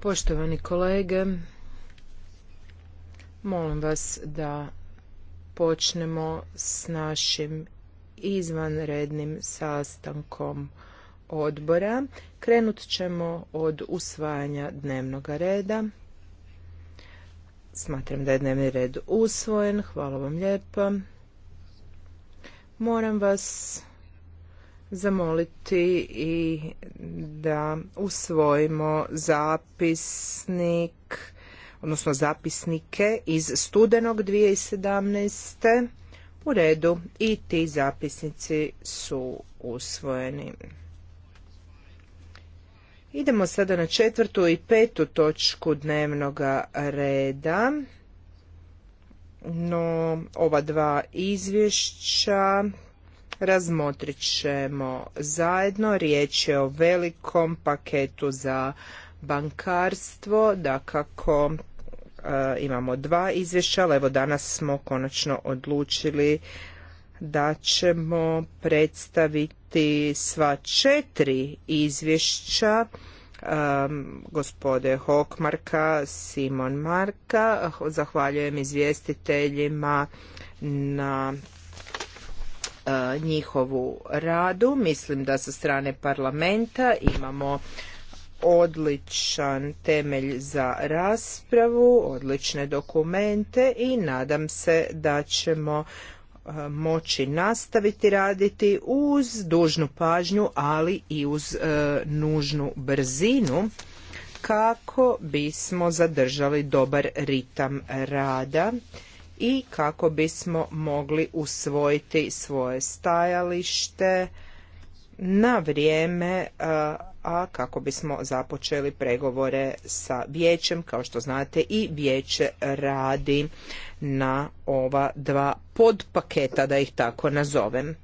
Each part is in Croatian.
Poštovani kolege, molim vas da počnemo s našim izvanrednim sastankom odbora. Krenut ćemo od usvajanja dnevnog reda. Smatram da je dnevni red usvojen. Hvala vam lijepa. Moram vas zamoliti i da usvojimo zapisnik, odnosno zapisnike iz studenog 2017. U redu i ti zapisnici su usvojeni. Idemo sada na četvrtu i petu točku dnevnog reda. No, ova dva izvješća razmotrit ćemo zajedno. Riječ je o velikom paketu za bankarstvo, dakako e, imamo dva izvješća, ali evo danas smo konačno odlučili da ćemo predstaviti sva četiri izvješća e, gospode Hokmarka, Simon Marka. Zahvaljujem izvjestiteljima na E, njihovu radu. Mislim da sa strane parlamenta imamo odličan temelj za raspravu, odlične dokumente i nadam se da ćemo e, moći nastaviti raditi uz dužnu pažnju, ali i uz e, nužnu brzinu kako bismo zadržali dobar ritam rada i kako bismo mogli usvojiti svoje stajalište na vrijeme, a kako bismo započeli pregovore sa vijećem. Kao što znate i vijeće radi na ova dva podpaketa, da ih tako nazovem.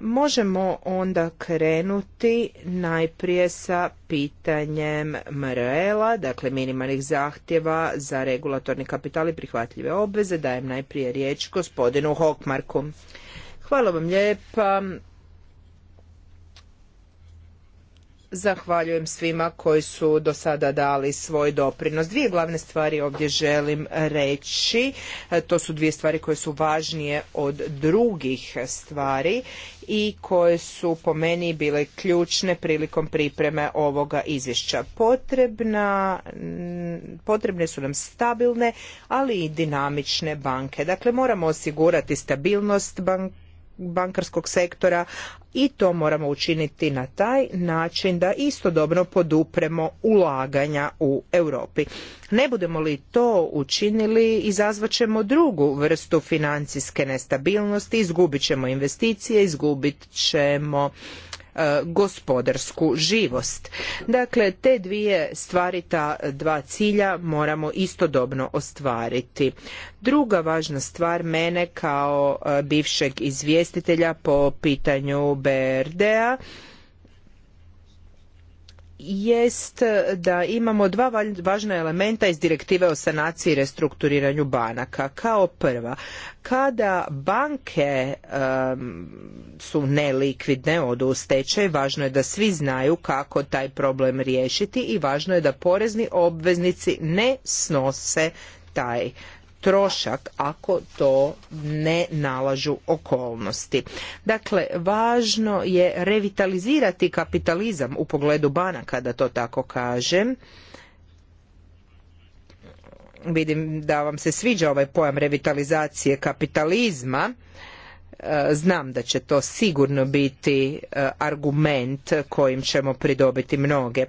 Možemo onda krenuti najprije sa pitanjem MRL-a, dakle minimalnih zahtjeva za regulatorni kapital i prihvatljive obveze. Dajem najprije riječ gospodinu Hokmarku. Hvala vam lijepa Zahvaljujem svima koji su do sada dali svoj doprinos. Dvije glavne stvari ovdje želim reći. E, to su dvije stvari koje su važnije od drugih stvari i koje su po meni bile ključne prilikom pripreme ovoga izvješća. Potrebna, potrebne su nam stabilne, ali i dinamične banke. Dakle, moramo osigurati stabilnost banke bankarskog sektora i to moramo učiniti na taj način da istodobno podupremo ulaganja u Europi. Ne budemo li to učinili izazvat ćemo drugu vrstu financijske nestabilnosti, izgubit ćemo investicije, izgubit ćemo E, gospodarsku živost. Dakle, te dvije stvari, ta dva cilja moramo istodobno ostvariti. Druga važna stvar mene kao e, bivšeg izvjestitelja po pitanju BRD-a jest da imamo dva važna elementa iz direktive o sanaciji i restrukturiranju banaka. Kao prva, kada banke su nelikvidne, odu u stečaj, važno je da svi znaju kako taj problem riješiti i važno je da porezni obveznici ne snose taj trošak ako to ne nalažu okolnosti. Dakle, važno je revitalizirati kapitalizam u pogledu banaka, da to tako kažem. Vidim da vam se sviđa ovaj pojam revitalizacije kapitalizma e, znam da će to sigurno biti e, argument kojim ćemo pridobiti mnoge.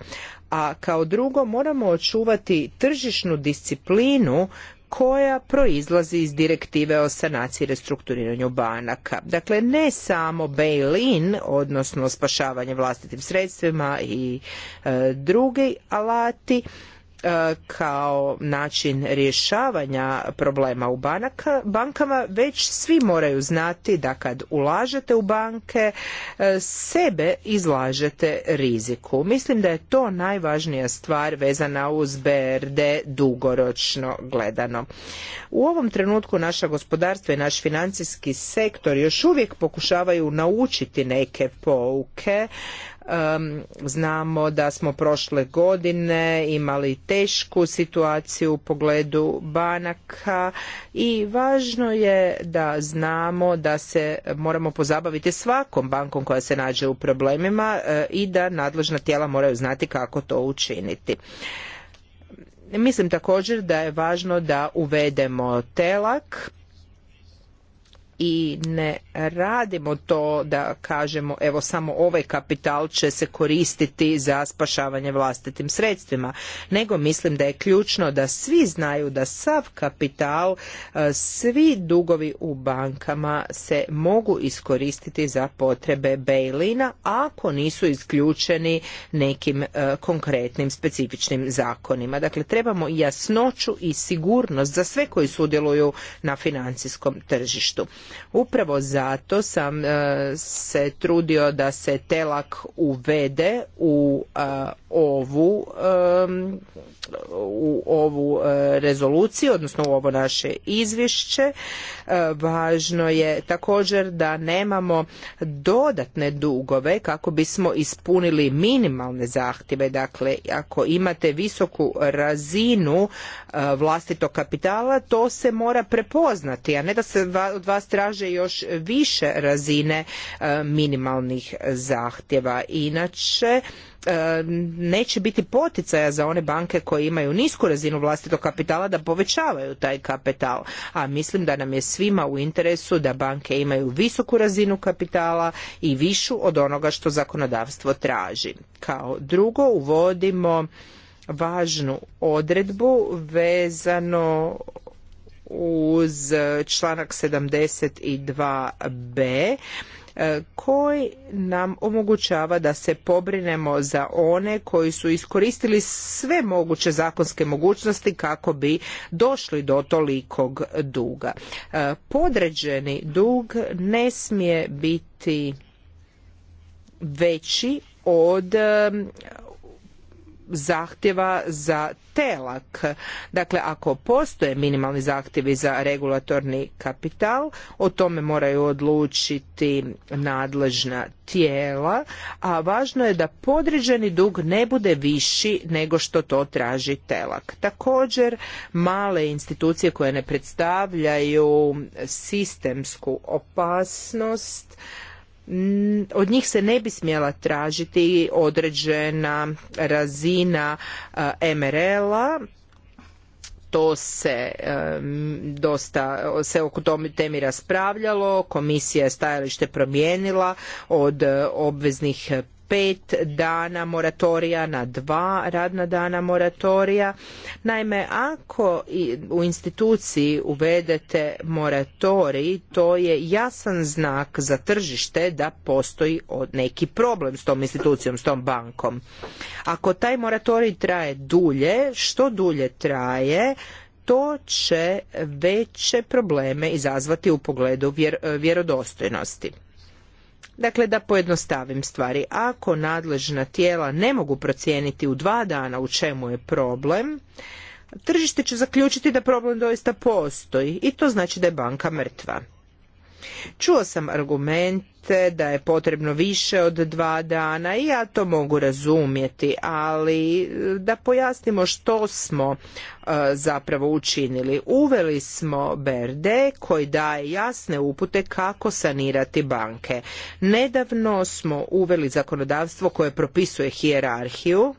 A kao drugo moramo očuvati tržišnu disciplinu koja proizlazi iz direktive o sanaciji i restrukturiranju banaka. Dakle, ne samo bail-in, odnosno spašavanje vlastitim sredstvima i e, drugi alati, E, kao način rješavanja problema u bankama, već svi moraju znati da kad ulažete u banke, e, sebe izlažete riziku. Mislim da je to najvažnija stvar vezana uz BRD dugoročno gledano. U ovom trenutku naša gospodarstva i naš financijski sektor još uvijek pokušavaju naučiti neke pouke, Znamo da smo prošle godine imali tešku situaciju u pogledu banaka i važno je da znamo da se moramo pozabaviti svakom bankom koja se nađe u problemima e, i da nadležna tijela moraju znati kako to učiniti. Mislim također da je važno da uvedemo telak i ne radimo to da kažemo evo samo ovaj kapital će se koristiti za spašavanje vlastitim sredstvima nego mislim da je ključno da svi znaju da sav kapital e, svi dugovi u bankama se mogu iskoristiti za potrebe bailina ako nisu isključeni nekim e, konkretnim specifičnim zakonima dakle trebamo jasnoću i sigurnost za sve koji sudjeluju na financijskom tržištu Upravo zato sam e, se trudio da se telak uvede u e, ovu e, u ovu e, rezoluciju, odnosno u ovo naše izvješće. E, važno je također da nemamo dodatne dugove kako bismo ispunili minimalne zahtjeve. Dakle, ako imate visoku razinu e, vlastitog kapitala, to se mora prepoznati, a ne da se od vas traže još više razine minimalnih zahtjeva. Inače, E, neće biti poticaja za one banke koje imaju nisku razinu vlastitog kapitala da povećavaju taj kapital. A mislim da nam je svima u interesu da banke imaju visoku razinu kapitala i višu od onoga što zakonodavstvo traži. Kao drugo uvodimo važnu odredbu vezano uz članak 72b E, koji nam omogućava da se pobrinemo za one koji su iskoristili sve moguće zakonske mogućnosti kako bi došli do tolikog duga. E, podređeni dug ne smije biti veći od zahtjeva za telak. Dakle, ako postoje minimalni zahtjevi za regulatorni kapital, o tome moraju odlučiti nadležna tijela, a važno je da podređeni dug ne bude viši nego što to traži telak. Također, male institucije koje ne predstavljaju sistemsku opasnost, od njih se ne bi smjela tražiti određena razina e, MRL-a to se e, dosta se oko temi raspravljalo, komisija je stajalište promijenila od e, obveznih pet dana moratorija na dva radna dana moratorija. Naime, ako u instituciji uvedete moratorij, to je jasan znak za tržište da postoji neki problem s tom institucijom, s tom bankom. Ako taj moratorij traje dulje, što dulje traje, to će veće probleme izazvati u pogledu vjerodostojnosti. Dakle, da pojednostavim stvari. Ako nadležna tijela ne mogu procijeniti u dva dana u čemu je problem, tržište će zaključiti da problem doista postoji i to znači da je banka mrtva. Čuo sam argumente da je potrebno više od dva dana i ja to mogu razumjeti, ali e, da pojasnimo što smo e, zapravo učinili. Uveli smo Berde koji daje jasne upute kako sanirati banke. Nedavno smo uveli zakonodavstvo koje propisuje hijerarhiju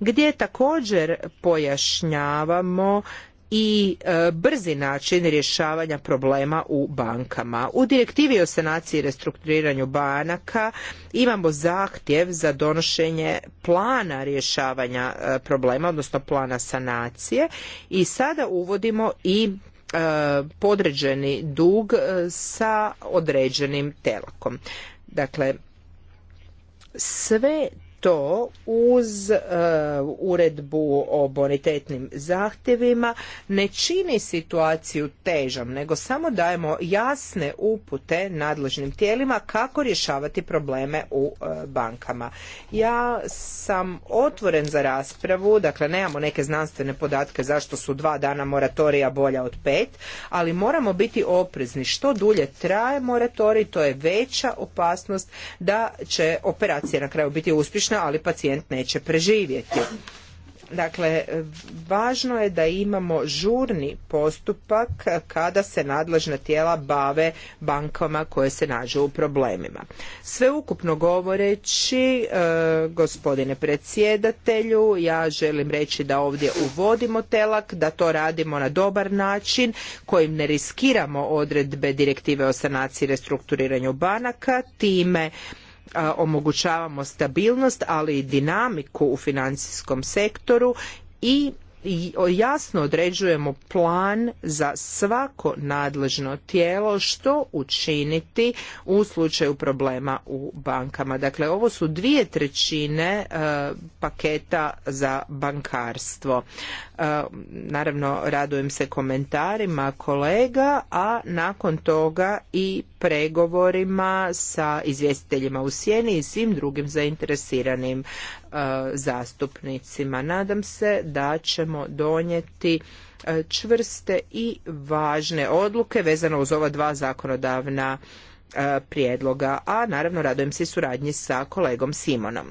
gdje također pojašnjavamo i e, brzi način rješavanja problema u bankama. U direktivi o sanaciji i restrukturiranju banaka imamo zahtjev za donošenje plana rješavanja e, problema, odnosno plana sanacije i sada uvodimo i e, podređeni dug sa određenim telakom. Dakle, sve to uz e, uredbu o bonitetnim zahtjevima ne čini situaciju težom nego samo dajemo jasne upute nadležnim tijelima kako rješavati probleme u e, bankama ja sam otvoren za raspravu dakle nemamo neke znanstvene podatke zašto su dva dana moratorija bolja od pet ali moramo biti oprezni što dulje traje moratorij to je veća opasnost da će operacija na kraju biti uspješna ali pacijent neće preživjeti. Dakle, važno je da imamo žurni postupak kada se nadležna tijela bave bankama koje se nađu u problemima. Sveukupno govoreći, e, gospodine predsjedatelju, ja želim reći da ovdje uvodimo telak, da to radimo na dobar način kojim ne riskiramo odredbe direktive o sanaciji i restrukturiranju banaka, time omogućavamo stabilnost, ali i dinamiku u financijskom sektoru i jasno određujemo plan za svako nadležno tijelo što učiniti u slučaju problema u bankama. Dakle, ovo su dvije trećine e, paketa za bankarstvo. E, naravno, radujem se komentarima kolega, a nakon toga i pregovorima sa izvjestiteljima u sjeni i svim drugim zainteresiranim e, zastupnicima. Nadam se da ćemo donijeti e, čvrste i važne odluke vezano uz ova dva zakonodavna prijedloga, a naravno radujem se i suradnji sa kolegom Simonom.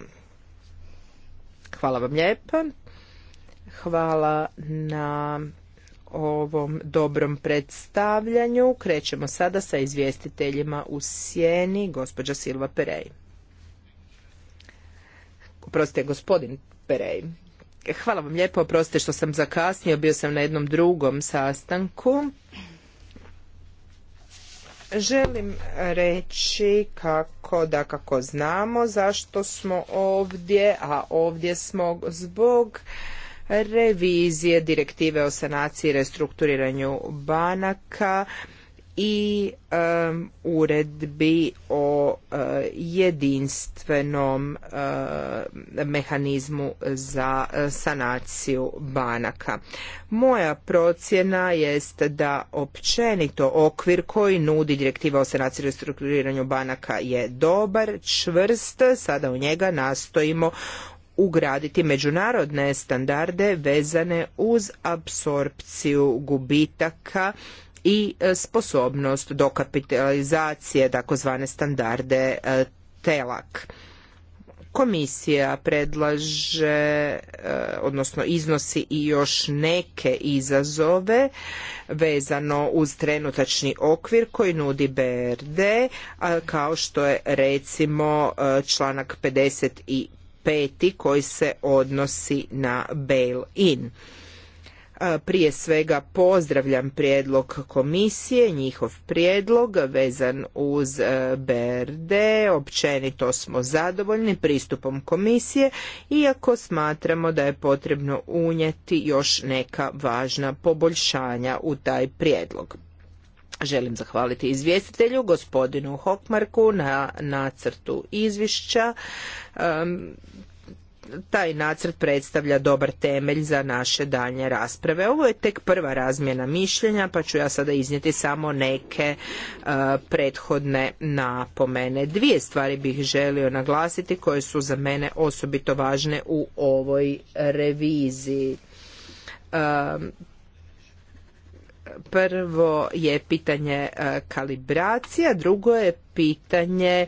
Hvala vam lijepa. Hvala na ovom dobrom predstavljanju. Krećemo sada sa izvjestiteljima u sjeni, gospođa Silva Perej. Oprostite, gospodin Perej. Hvala vam lijepo, oprostite što sam zakasnio, bio sam na jednom drugom sastanku. Želim reći kako da kako znamo zašto smo ovdje, a ovdje smo zbog revizije direktive o sanaciji i restrukturiranju banaka i uredbi o e, jedinstvenom e, mehanizmu za sanaciju banaka. Moja procjena jest da općenito okvir koji nudi direktiva o sanaciji i restrukturiranju banaka je dobar, čvrst, sada u njega nastojimo ugraditi međunarodne standarde vezane uz apsorpciju gubitaka i e, sposobnost dokapitalizacije takozvane standarde e, telak komisija predlaže e, odnosno iznosi i još neke izazove vezano uz trenutačni okvir koji nudi BRD kao što je recimo članak 55 peti koji se odnosi na bail-in. E, prije svega pozdravljam prijedlog komisije, njihov prijedlog vezan uz e, BRD, općenito smo zadovoljni pristupom komisije, iako smatramo da je potrebno unijeti još neka važna poboljšanja u taj prijedlog. Želim zahvaliti izvjestitelju, gospodinu Hokmarku, na nacrtu izvješća. taj nacrt predstavlja dobar temelj za naše daljnje rasprave. Ovo je tek prva razmjena mišljenja, pa ću ja sada iznijeti samo neke e, prethodne napomene. Dvije stvari bih želio naglasiti koje su za mene osobito važne u ovoj reviziji. Prvo je pitanje e, kalibracija, drugo je pitanje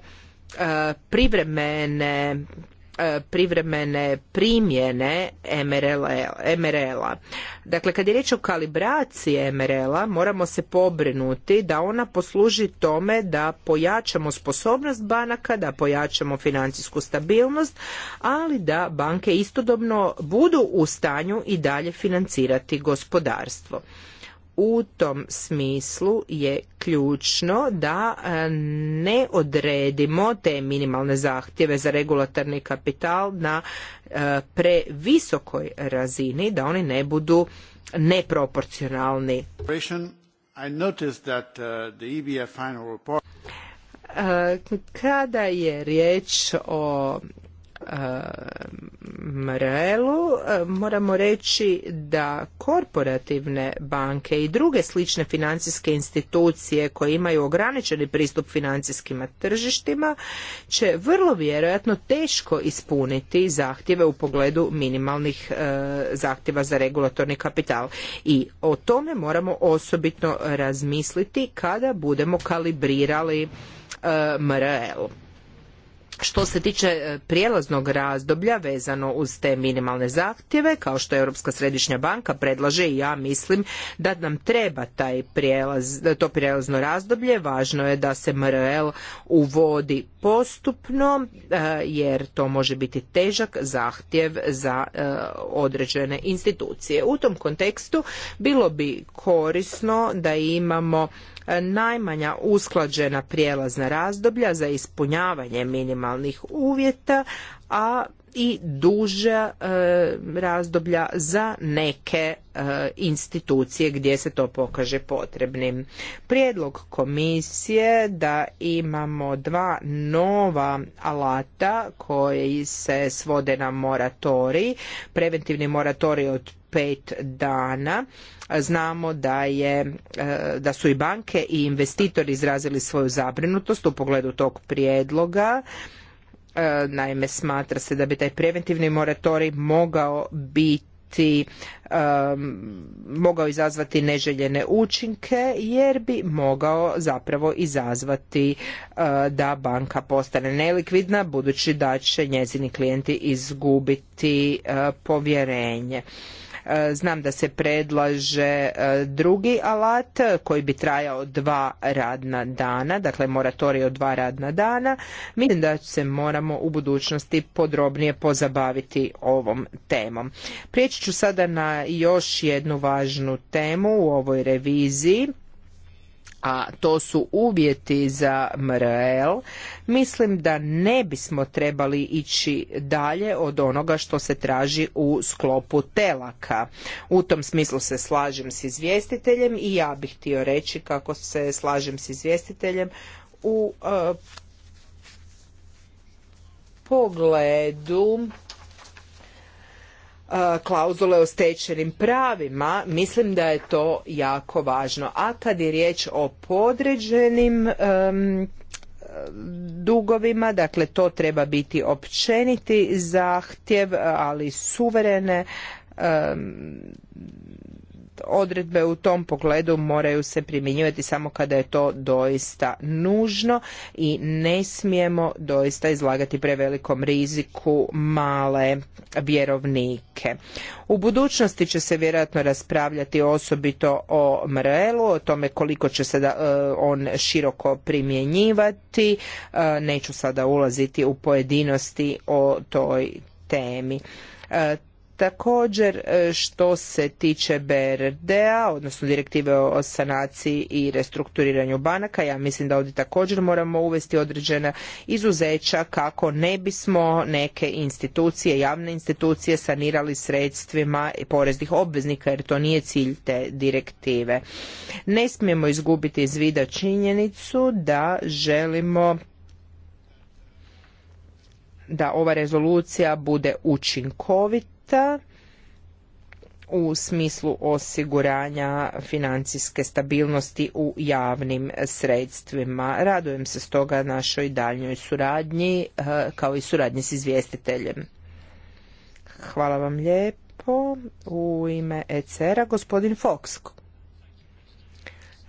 e, privremene e, privremene primjene MRL-a. Dakle, kad je riječ o kalibraciji MRL-a, moramo se pobrinuti da ona posluži tome da pojačamo sposobnost banaka, da pojačamo financijsku stabilnost, ali da banke istodobno budu u stanju i dalje financirati gospodarstvo u tom smislu je ključno da e, ne odredimo te minimalne zahtjeve za regulatorni kapital na e, previsokoj razini, da oni ne budu neproporcionalni. Uh, e kada je riječ o Mrelu moramo reći da korporativne banke i druge slične financijske institucije koje imaju ograničeni pristup financijskim tržištima će vrlo vjerojatno teško ispuniti zahtjeve u pogledu minimalnih e, zahtjeva za regulatorni kapital i o tome moramo osobitno razmisliti kada budemo kalibrirali e, MRL što se tiče e, prijelaznog razdoblja vezano uz te minimalne zahtjeve, kao što Europska središnja banka predlaže i ja mislim da nam treba taj prijelaz, to prijelazno razdoblje. Važno je da se MRL uvodi postupno e, jer to može biti težak zahtjev za e, određene institucije. U tom kontekstu bilo bi korisno da imamo najmanja usklađena prijelazna razdoblja za ispunjavanje minimalnih uvjeta, a i duža e, razdoblja za neke e, institucije gdje se to pokaže potrebnim. Prijedlog komisije da imamo dva nova alata koji se svode na moratorij, preventivni moratorij od pet dana. Znamo da, je, e, da su i banke i investitori izrazili svoju zabrinutost u pogledu tog prijedloga. E, naime, smatra se da bi taj preventivni moratorij mogao biti e, mogao izazvati neželjene učinke jer bi mogao zapravo izazvati da banka postane nelikvidna budući da će njezini klijenti izgubiti povjerenje E, znam da se predlaže e, drugi alat koji bi trajao dva radna dana, dakle moratorij od dva radna dana. Mislim da se moramo u budućnosti podrobnije pozabaviti ovom temom. Prijeći ću sada na još jednu važnu temu u ovoj reviziji a to su uvjeti za MRL, mislim da ne bismo trebali ići dalje od onoga što se traži u sklopu telaka. U tom smislu se slažem s izvjestiteljem i ja bih htio reći kako se slažem s izvjestiteljem u e, pogledu klauzule o stečenim pravima, mislim da je to jako važno. A kad je riječ o podređenim dugovima, dakle to treba biti općeniti zahtjev, ali suverene um, odredbe u tom pogledu moraju se primjenjivati samo kada je to doista nužno i ne smijemo doista izlagati prevelikom riziku male vjerovnike. U budućnosti će se vjerojatno raspravljati osobito o MRL-u, o tome koliko će se e, on široko primjenjivati. E, neću sada ulaziti u pojedinosti o toj temi e, Također e, što se tiče BRD-a, odnosno direktive o sanaciji i restrukturiranju banaka, ja mislim da ovdje također moramo uvesti određena izuzeća kako ne bismo neke institucije, javne institucije sanirali sredstvima poreznih obveznika jer to nije cilj te direktive. Ne smijemo izgubiti iz vida činjenicu da želimo da ova rezolucija bude učinkovita u smislu osiguranja financijske stabilnosti u javnim sredstvima. Radujem se stoga našoj daljnjoj suradnji eh, kao i suradnji s izvjestiteljem. Hvala vam lijepo. U ime ECR-a gospodin Fox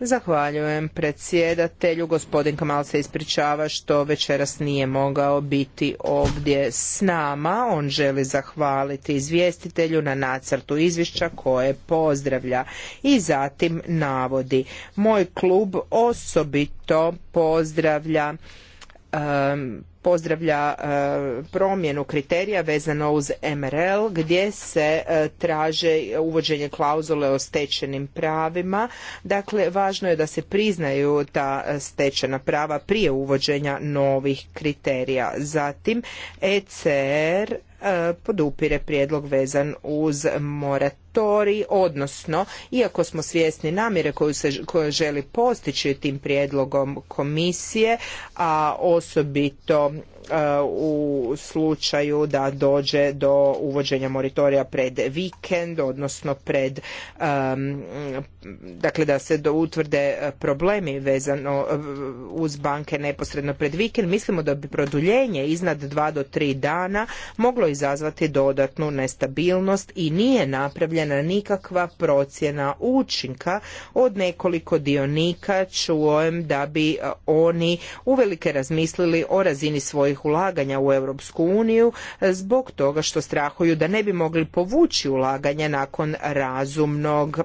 Zahvaljujem predsjedatelju. Gospodin Kamal se ispričava što večeras nije mogao biti ovdje s nama. On želi zahvaliti izvjestitelju na nacrtu izvješća koje pozdravlja. I zatim navodi. Moj klub osobito pozdravlja pozdravlja e, promjenu kriterija vezano uz MRL gdje se e, traže uvođenje klauzule o stečenim pravima. Dakle, važno je da se priznaju ta e, stečena prava prije uvođenja novih kriterija. Zatim, ECR E, podupire prijedlog vezan uz moratorij, odnosno, iako smo svjesni namjere koju se želi postići tim prijedlogom komisije, a osobito E, u slučaju da dođe do uvođenja moritorija pred vikend, odnosno pred, dakle da se utvrde problemi vezano e, uz banke neposredno pred vikend, mislimo da bi produljenje iznad dva do tri dana moglo izazvati dodatnu nestabilnost i nije napravljena nikakva procjena učinka od nekoliko dionika čujem da bi e, oni uvelike razmislili o razini svojih ulaganja u Europsku uniju e, zbog toga što strahuju da ne bi mogli povući ulaganja nakon razumnog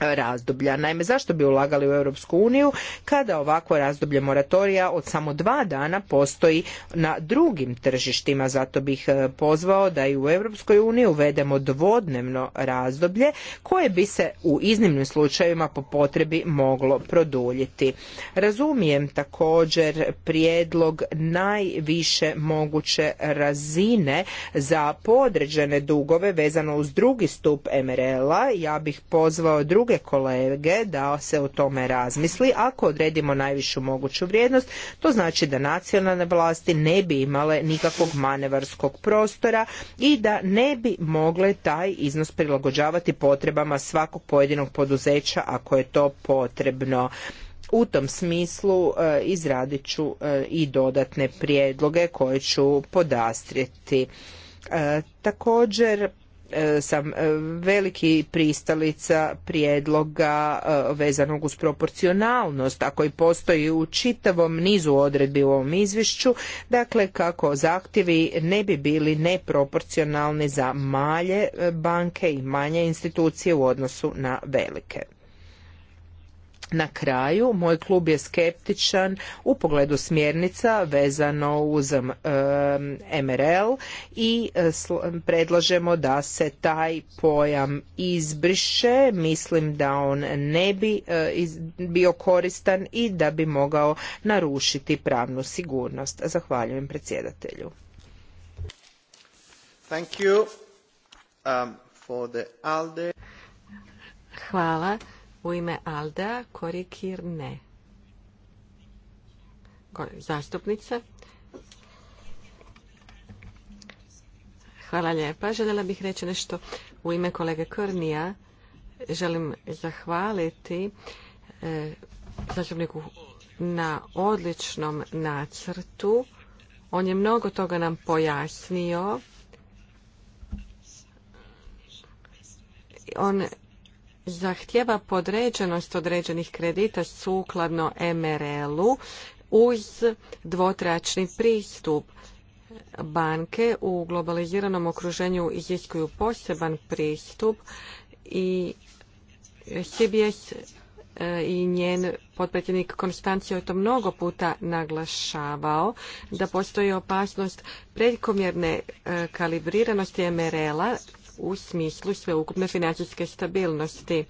razdoblja. Naime, zašto bi ulagali u Europsku uniju kada ovako razdoblje moratorija od samo dva dana postoji na drugim tržištima? Zato bih e, pozvao da i u Europskoj uniji uvedemo dvodnevno razdoblje koje bi se u iznimnim slučajevima po potrebi moglo produljiti. Razumijem također prijedlog najviše moguće razine za podređene dugove vezano uz drugi stup MRL-a. Ja bih pozvao drugi druge kolege da se o tome razmisli. Ako odredimo najvišu moguću vrijednost, to znači da nacionalne vlasti ne bi imale nikakvog manevarskog prostora i da ne bi mogle taj iznos prilagođavati potrebama svakog pojedinog poduzeća ako je to potrebno. U tom smislu e, izradit ću e, i dodatne prijedloge koje ću podastrijeti. E, također E, sam e, veliki pristalica prijedloga e, vezanog uz proporcionalnost, a koji postoji u čitavom nizu odredbi u ovom izvješću, dakle kako zahtjevi ne bi bili neproporcionalni za manje banke i manje institucije u odnosu na velike na kraju, moj klub je skeptičan u pogledu smjernica vezano uz MRL um, i e, predlažemo da se taj pojam izbriše. Mislim da on ne bi e, bio koristan i da bi mogao narušiti pravnu sigurnost. Zahvaljujem predsjedatelju. Um, Hvala. U ime Alda Korikir ne. Zastupnica. Hvala lijepa. Željela bih reći nešto u ime kolege Kornija. Želim zahvaliti e, zastupniku na odličnom nacrtu. On je mnogo toga nam pojasnio. On zahtjeva podređenost određenih kredita sukladno MRL-u uz dvotračni pristup. Banke u globaliziranom okruženju iziskuju poseban pristup i CBS e, i njen potpredsjednik Konstancio je to mnogo puta naglašavao da postoji opasnost prekomjerne e, kalibriranosti MRL-a u smislu sveukupne financijske stabilnosti.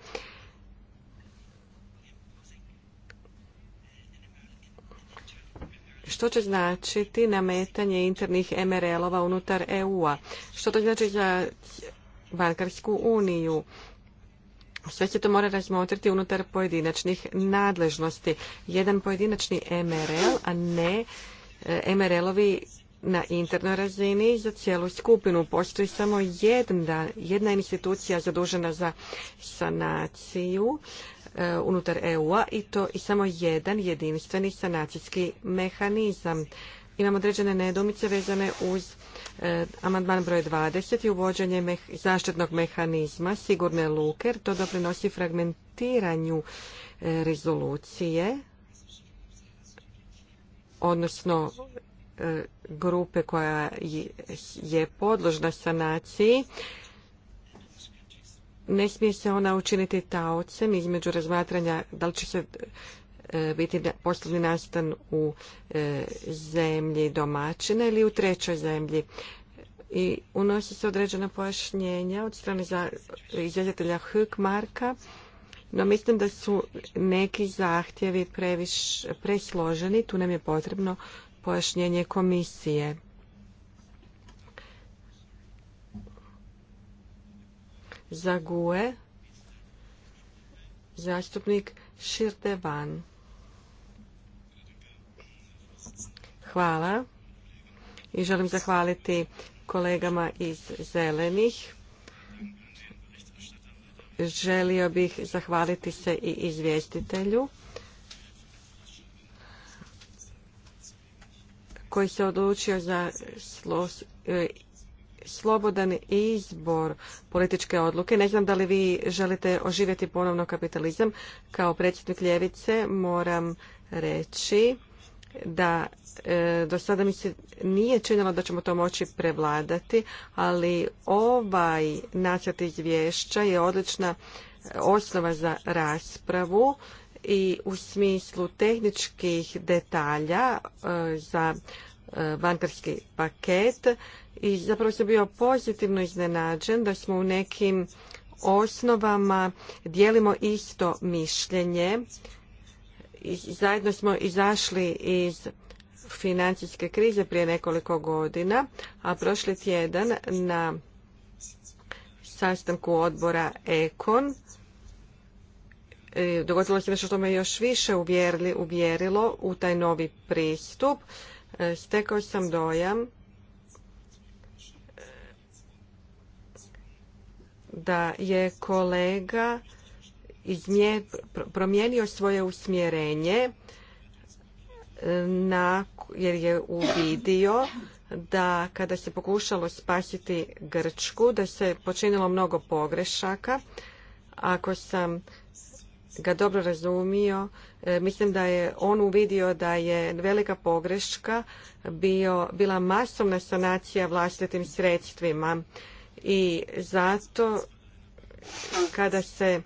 Što će značiti nametanje internih MRL-ova unutar EU-a? Što to znači za bankarsku uniju? Sve se to mora razmotriti unutar pojedinačnih nadležnosti. Jedan pojedinačni MRL, a ne e, MRL-ovi na internoj razini za cijelu skupinu. Postoji samo jedna, jedna institucija zadužena za sanaciju e, unutar EU-a i to i samo jedan jedinstveni sanacijski mehanizam. Imamo određene nedomice vezane uz e, amandman broj 20 i uvođenje meh, zaštitnog mehanizma sigurne luke, to doprinosi fragmentiranju e, rezolucije odnosno E, grupe koja je podložna sanaciji, ne smije se ona učiniti taocem između razmatranja da li će se e, biti poslovni nastan u e, zemlji domaćina ili u trećoj zemlji. I unosi se određena pojašnjenja od strane izvjetitelja marka no mislim da su neki zahtjevi previš, presloženi, tu nam je potrebno pojašnjenje komisije. Za GUE zastupnik Širdevan. Hvala i želim zahvaliti kolegama iz Zelenih. Želio bih zahvaliti se i izvjestitelju. koji se odlučio za e, slobodan izbor političke odluke. Ne znam da li vi želite oživjeti ponovno kapitalizam. Kao predsjednik Ljevice moram reći da e, do sada mi se nije činilo da ćemo to moći prevladati, ali ovaj nacrt izvješća je odlična osnova za raspravu i u smislu tehničkih detalja e, za e, bankarski paket i zapravo sam bio pozitivno iznenađen da smo u nekim osnovama dijelimo isto mišljenje. Zajedno smo izašli iz financijske krize prije nekoliko godina, a prošli tjedan na sastanku odbora Ekon E, dogodilo se nešto što me još više uvjerili, uvjerilo u taj novi pristup. E, stekao sam dojam e, da je kolega iz nje promijenio svoje usmjerenje na, jer je uvidio da kada se pokušalo spasiti Grčku, da se počinilo mnogo pogrešaka. Ako sam ga dobro razumio, e, mislim da je on uvidio da je velika pogreška bio, bila masovna sanacija vlastitim sredstvima i zato kada se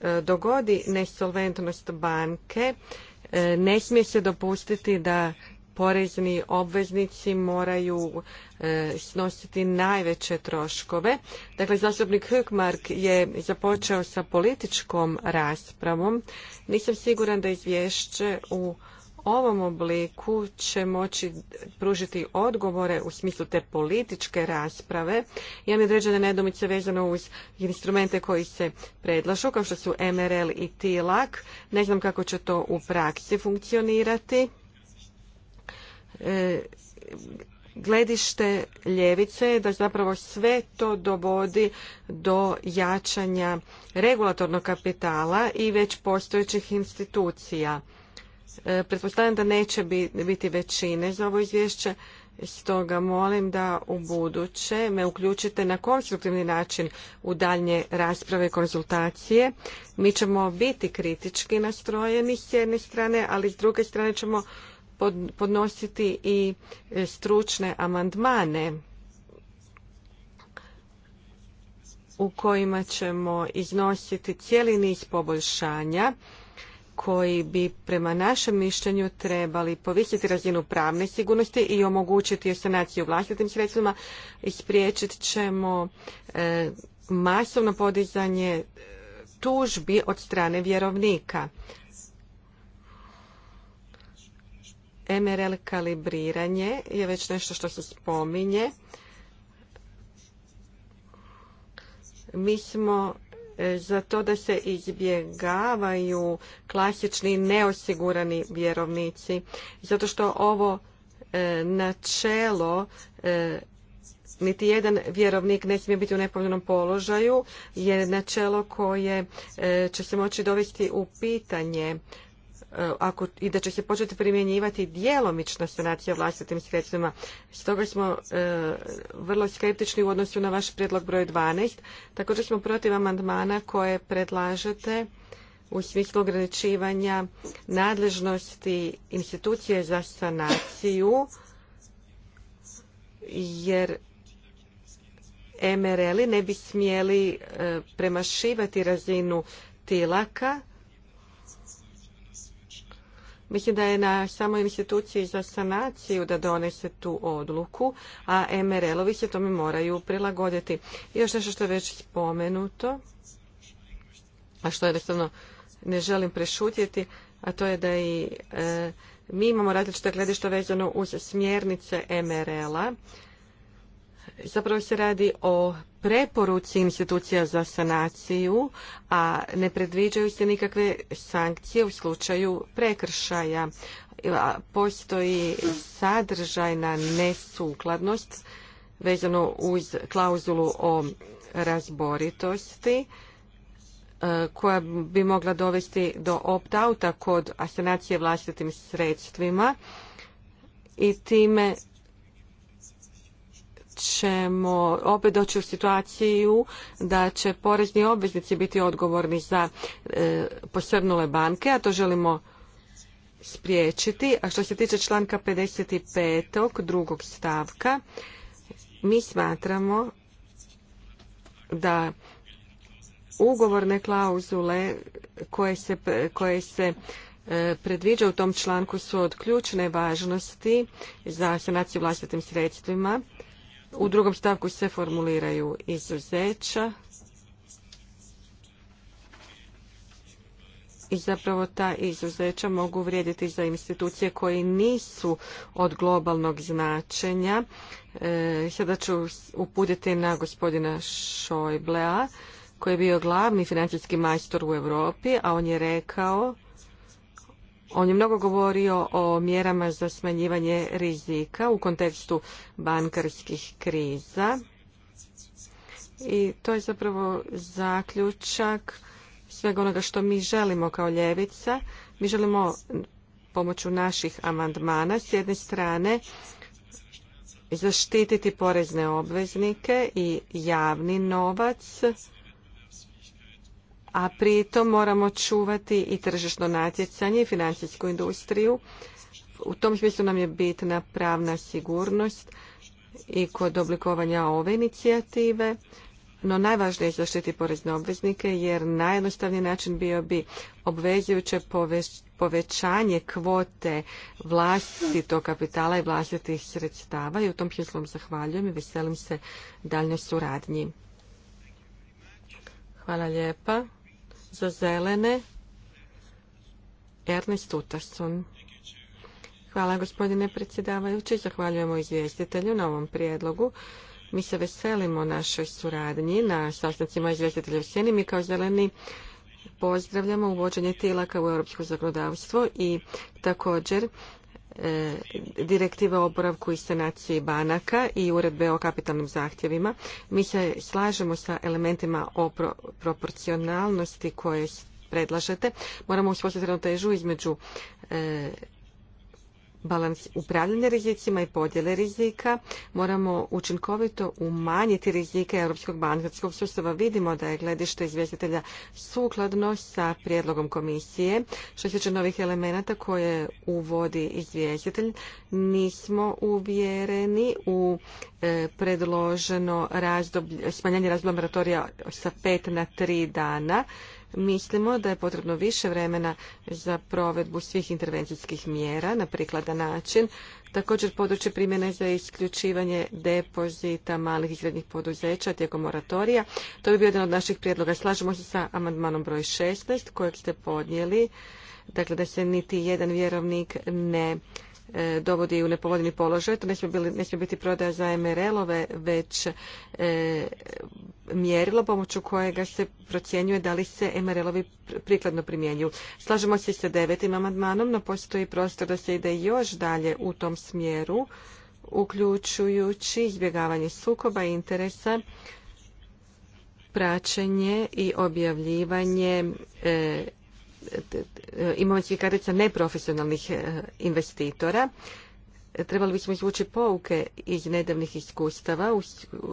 e, dogodi nesolventnost banke e, ne smije se dopustiti da porezni obveznici moraju e, snositi najveće troškove. Dakle, zastupnik Hökmark je započeo sa političkom raspravom. Nisam siguran da izvješće u ovom obliku će moći pružiti odgovore u smislu te političke rasprave. Imam određene nedomice vezano uz instrumente koji se predlažu, kao što su MRL i TILAK. Ne znam kako će to u praksi funkcionirati. E, gledište ljevice da zapravo sve to dovodi do jačanja regulatornog kapitala i već postojećih institucija. E, pretpostavljam da neće biti većine za ovo izvješće, stoga molim da u buduće me uključite na konstruktivni način u daljnje rasprave i konzultacije. Mi ćemo biti kritički nastrojeni s jedne strane, ali s druge strane ćemo podnositi i e, stručne amandmane u kojima ćemo iznositi cijeli niz poboljšanja koji bi prema našem mišljenju trebali povisiti razinu pravne sigurnosti i omogućiti sanaciju vlastitim sredstvima i spriječit ćemo e, masovno podizanje e, tužbi od strane vjerovnika. MRL kalibriranje je već nešto što se spominje. Mi smo e, za to da se izbjegavaju klasični neosigurani vjerovnici, zato što ovo e, načelo e, niti jedan vjerovnik ne smije biti u nepovoljnom položaju je načelo koje će se moći dovesti u pitanje E, ako, i da će se početi primjenjivati djelomična sanacija vlastitim sredstvima. Stoga smo e, vrlo skeptični u odnosu na vaš prijedlog broj 12. Također smo protiv amandmana koje predlažete u smislu ograničivanja nadležnosti institucije za sanaciju, jer MRL-i ne bi smjeli e, premašivati razinu tilaka Mislim da je na samoj instituciji za sanaciju da donese tu odluku, a MRL-ovi se tome moraju prilagoditi. još nešto što je već spomenuto, a što jednostavno ne želim prešutjeti, a to je da i e, mi imamo različite gledišta vezano uz smjernice MRL-a zapravo se radi o preporuci institucija za sanaciju, a ne predviđaju se nikakve sankcije u slučaju prekršaja. Postoji sadržajna nesukladnost vezano uz klauzulu o razboritosti e, koja bi mogla dovesti do opt-outa kod asanacije vlastitim sredstvima i time ćemo opet doći u situaciju da će porezni obveznici biti odgovorni za e, posrnule banke, a to želimo spriječiti. A što se tiče članka 55. drugog stavka, mi smatramo da ugovorne klauzule koje se, koje se e, predviđa u tom članku su od ključne važnosti za sanaciju vlastitim sredstvima u drugom stavku se formuliraju izuzeća i zapravo ta izuzeća mogu vrijediti za institucije koje nisu od globalnog značenja. E, sada ću uputiti na gospodina Šojblea koji je bio glavni financijski majstor u Europi, a on je rekao on je mnogo govorio o mjerama za smanjivanje rizika u kontekstu bankarskih kriza. I to je zapravo zaključak svega onoga što mi želimo kao ljevica. Mi želimo pomoću naših amandmana s jedne strane zaštititi porezne obveznike i javni novac a pritom moramo čuvati i tržišno natjecanje i financijsku industriju. U tom smislu nam je bitna pravna sigurnost i kod oblikovanja ove inicijative. No najvažnije je zaštiti porezne obveznike jer najjednostavniji način bio bi obvezujuće povećanje kvote vlastitog kapitala i vlastitih sredstava i u tom smislu zahvaljujem i veselim se daljnjoj suradnji. Hvala lijepa za zelene Ernest Utarson. Hvala gospodine predsjedavajući. Zahvaljujemo izvjestitelju na ovom prijedlogu. Mi se veselimo našoj suradnji na sastancima izvjestitelja u Sjeni. Mi kao zeleni pozdravljamo uvođenje tilaka u europsko zakonodavstvo i također E, direktive o oporavku i sanaciji banaka i uredbe o kapitalnim zahtjevima. Mi se slažemo sa elementima o proporcionalnosti koje predlažete. Moramo uspostaviti ravnotežu između e, balans upravljanja rizicima i podjele rizika. Moramo učinkovito umanjiti rizike Europskog bankarskog sustava. Vidimo da je gledište izvjestitelja sukladno sa prijedlogom komisije. Što se tiče novih elemenata koje uvodi izvjestitelj, nismo uvjereni u e, predloženo razdoblje, smanjanje razdoblja moratorija sa pet na tri dana. Mislimo da je potrebno više vremena za provedbu svih intervencijskih mjera na prikladan način. Također područje primjene za isključivanje depozita malih i srednjih poduzeća tijekom moratorija. To bi bio jedan od naših prijedloga. Slažemo se sa amandmanom broj 16 kojeg ste podnijeli. Dakle, da se niti jedan vjerovnik ne E, dovodi u nepovoljni položaj. To ne smije biti prodaja za MRL-ove, već e, mjerilo pomoću kojega se procjenjuje da li se MRL-ovi prikladno primjenjuju. Slažemo se sa devetim amandmanom, no postoji prostor da se ide još dalje u tom smjeru, uključujući izbjegavanje sukoba interesa, praćenje i objavljivanje e, imovinskih kartica neprofesionalnih e, investitora. Trebali bismo izvući pouke iz nedavnih iskustava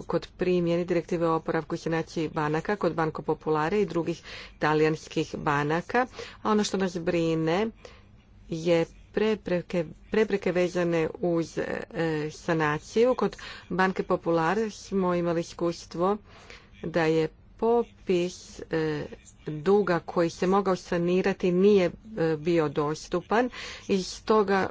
kod primjeni direktive o oporavku i sanaciji banaka kod Banko Populare i drugih talijanskih banaka. A ono što nas brine je prepreke, prepreke vezane uz e, sanaciju. Kod Banke Populare smo imali iskustvo da je popis e, duga koji se mogao sanirati nije e, bio dostupan i stoga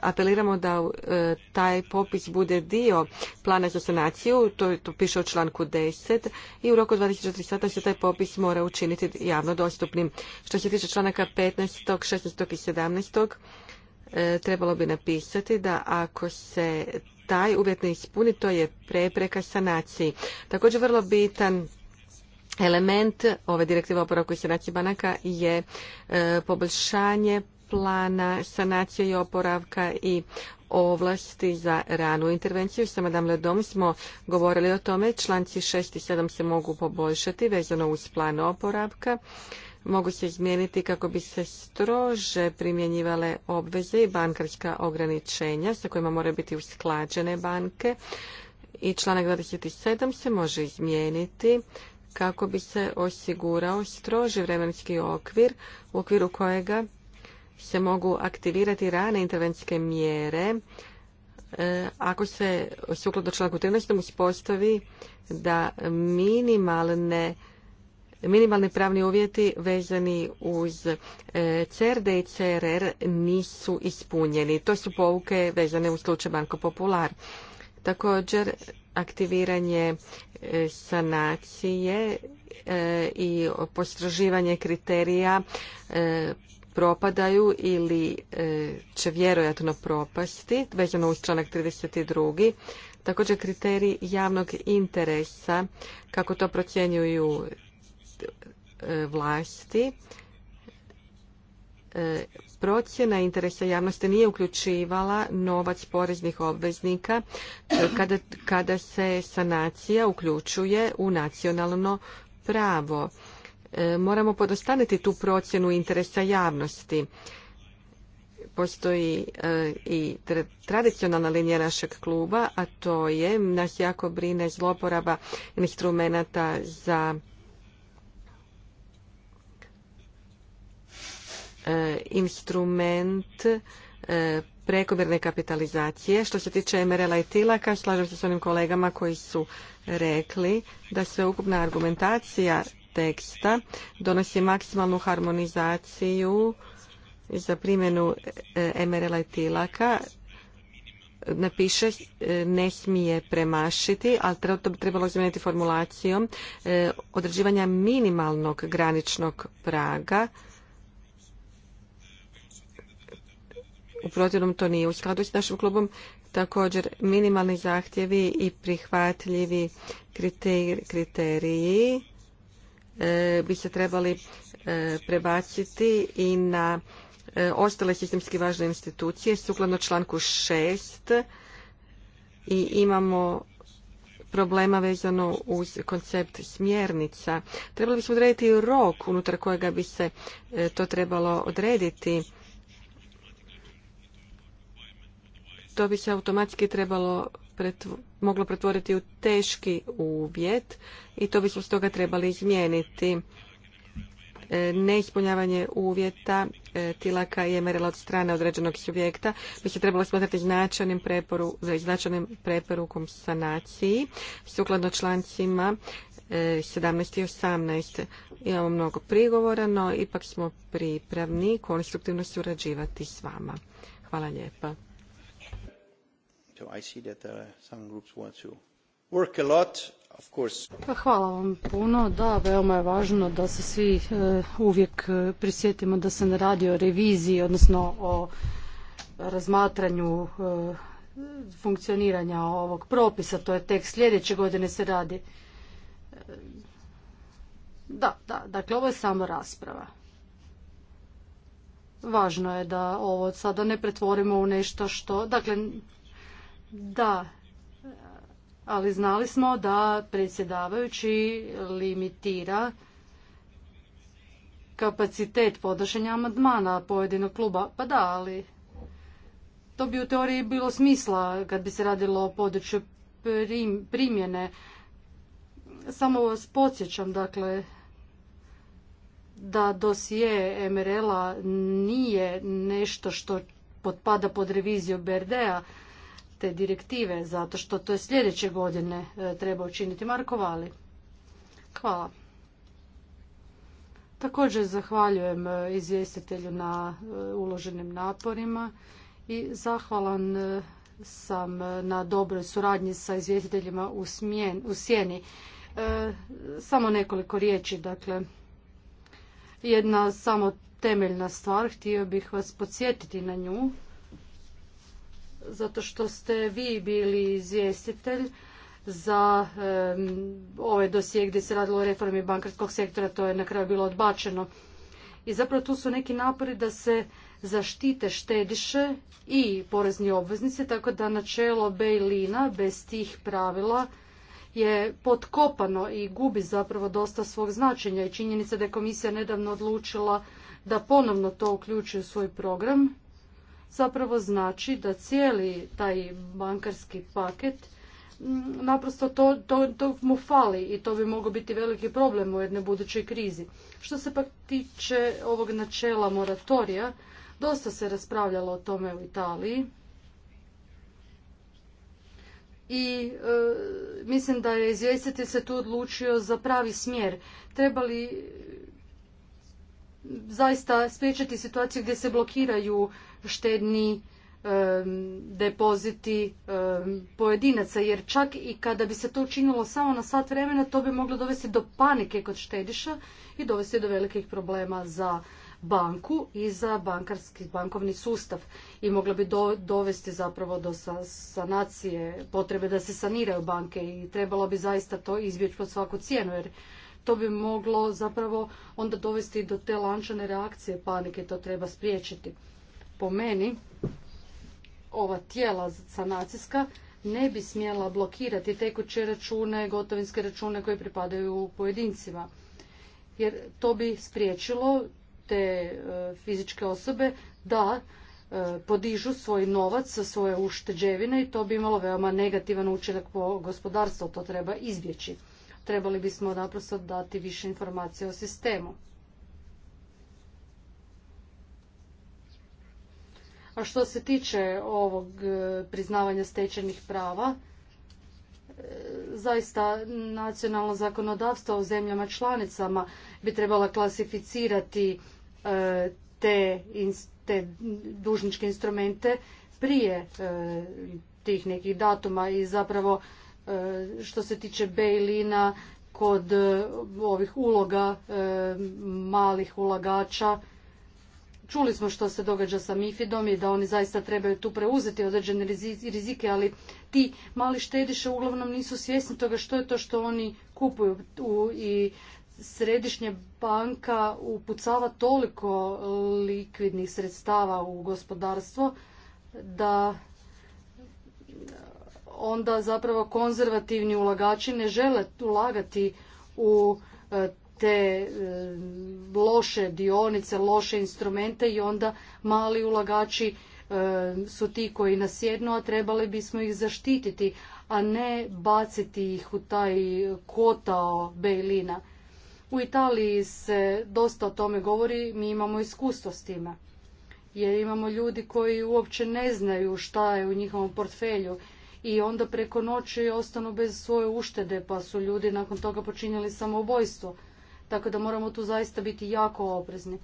apeliramo da e, taj popis bude dio plana za sanaciju, to, to piše u članku 10 i u roku 24 sata se taj popis mora učiniti javno dostupnim. Što se tiče članaka 15., 16. i 17. trebalo bi napisati da ako se taj uvjet ne ispuni, to je prepreka sanaciji. Također vrlo bitan element ove direktive o oporavku i sanaciji banaka je e, poboljšanje plana sanacije i oporavka i ovlasti za ranu intervenciju. Sa Madame Ledom smo govorili o tome. Članci 6 i 7 se mogu poboljšati vezano uz plan oporavka. Mogu se izmijeniti kako bi se strože primjenjivale obveze i bankarska ograničenja sa kojima moraju biti usklađene banke. I članak 27 se može izmijeniti kako bi se osigurao stroži vremenski okvir u okviru kojega se mogu aktivirati rane intervencijske mjere e, ako se sukladno članku 13. uspostavi da minimalne minimalni pravni uvjeti vezani uz e, CRD i CRR nisu ispunjeni. To su pouke vezane u slučaju Banko Popular. Također aktiviranje e, sanacije e, i postraživanje kriterija e, propadaju ili će vjerojatno propasti, vezano uz članak 32. Također kriterij javnog interesa, kako to procjenjuju vlasti, procjena interesa javnosti nije uključivala novac poreznih obveznika kada, se sanacija uključuje u nacionalno pravo. E, moramo podostaniti tu procjenu interesa javnosti. Postoji e, i tradicionalna linija našeg kluba, a to je nas jako brine zloporaba instrumenata za E, instrument e, prekomjerne kapitalizacije. Što se tiče MRL-a i Tilaka, slažem se s onim kolegama koji su rekli da se ukupna argumentacija teksta donosi maksimalnu harmonizaciju za primjenu e, MRL-a i Tilaka. Napiše ne smije premašiti, ali to bi trebalo izmijeniti formulacijom određivanja minimalnog graničnog praga U protivnom to nije u skladu s našim klubom. Također minimalni zahtjevi i prihvatljivi kriteriji e, bi se trebali e, prebaciti i na e, ostale sistemski važne institucije sukladno članku 6 i imamo problema vezano uz koncept smjernica. Trebali bismo odrediti rok unutar kojega bi se to trebalo odrediti To bi se automatski trebalo moglo pretvoriti u teški uvjet i to bismo stoga trebali izmijeniti. E, neispunjavanje uvjeta e, tilaka je merila od strane određenog subjekta bi se trebalo smatrati značajnim, preporu, značajnim preporukom sanaciji sukladno člancima 17 e, i 18. Imamo mnogo prigovora, no ipak smo pripravni konstruktivno surađivati s vama. Hvala lijepa. So I see Hvala vam puno. Da, veoma je važno da se svi e, uvijek e, prisjetimo da se ne radi o reviziji, odnosno o razmatranju e, funkcioniranja ovog propisa. To je tek sljedeće godine se radi. da, da, dakle ovo je samo rasprava. Važno je da ovo sada ne pretvorimo u nešto što, dakle da, ali znali smo da predsjedavajući limitira kapacitet podašenja amandmana pojedinog kluba. Pa da, ali to bi u teoriji bilo smisla kad bi se radilo o području primjene. Samo vas podsjećam, dakle, da dosije MRL-a nije nešto što potpada pod reviziju BRD-a, te direktive, zato što to je sljedeće godine e, treba učiniti. Markovali. Vali. Hvala. Također zahvaljujem e, izvjestitelju na e, uloženim naporima i zahvalan sam na dobroj suradnji sa izvjestiteljima u, smjen, u sjeni. samo nekoliko riječi, dakle, jedna samo temeljna stvar, htio bih vas podsjetiti na nju, zato što ste vi bili izvjestitelj za ovaj dosije gdje se radilo o reformi bankarskog sektora, to je na kraju bilo odbačeno. I zapravo tu su neki napori da se zaštite štediše i porezni obveznici, tako da načelo Bejlina bez tih pravila je potkopano i gubi zapravo dosta svog značenja i činjenica da je komisija nedavno odlučila da ponovno to uključi u svoj program zapravo znači da cijeli taj bankarski paket naprosto to, to, to mu fali i to bi mogao biti veliki problem u jednoj budućoj krizi. Što se pak tiče ovog načela moratorija, dosta se raspravljalo o tome u Italiji. I e, mislim da je izvjestitelj se tu odlučio za pravi smjer. Treba li zaista spriječiti situaciju gdje se blokiraju štedni depoziti pojedinaca jer čak i kada bi se to učinilo samo na sat vremena to bi moglo dovesti do panike kod štediša i dovesti do velikih problema za banku i za bankarski bankovni sustav i moglo bi dovesti zapravo do sanacije potrebe da se saniraju banke i trebalo bi zaista to izbjeći pod svaku cijenu jer to bi moglo zapravo onda dovesti do te lančane reakcije panike to treba spriječiti po meni ova tijela sanacijska ne bi smjela blokirati tekuće račune, gotovinske račune koje pripadaju pojedincima. Jer to bi spriječilo te e, fizičke osobe da e, podižu svoj novac, sa svoje ušteđevine i to bi imalo veoma negativan učinak po gospodarstvo. To treba izbjeći. Trebali bismo naprosto dati više informacije o sistemu. A što se tiče ovog e, priznavanja stečenih prava, e, zaista nacionalno zakonodavstvo u zemljama članicama bi trebala klasificirati e, te, te dužničke instrumente prije tih nekih datuma i zapravo što se tiče bailina kod ovih uloga malih ulagača Čuli smo što se događa sa MIFIDom i da oni zaista trebaju tu preuzeti određene rizike, ali ti mali štediše uglavnom nisu svjesni toga što je to što oni kupuju i središnja banka upucava toliko e, likvidnih sredstava u gospodarstvo da e, onda zapravo konzervativni ulagači ne žele ulagati u e, te eh, loše dionice, loše instrumente i onda mali ulagači eh, su ti koji nasjednu, a trebali bismo ih zaštititi, a ne baciti ih u taj kotao bejlina. U Italiji se dosta o tome govori, mi imamo iskustvo s time. Jer imamo ljudi koji uopće ne znaju šta je u njihovom portfelju i onda preko noći ostanu bez svoje uštede, pa su ljudi nakon toga počinjali samoubojstvo. Tako da moramo tu zaista biti jako oprezni.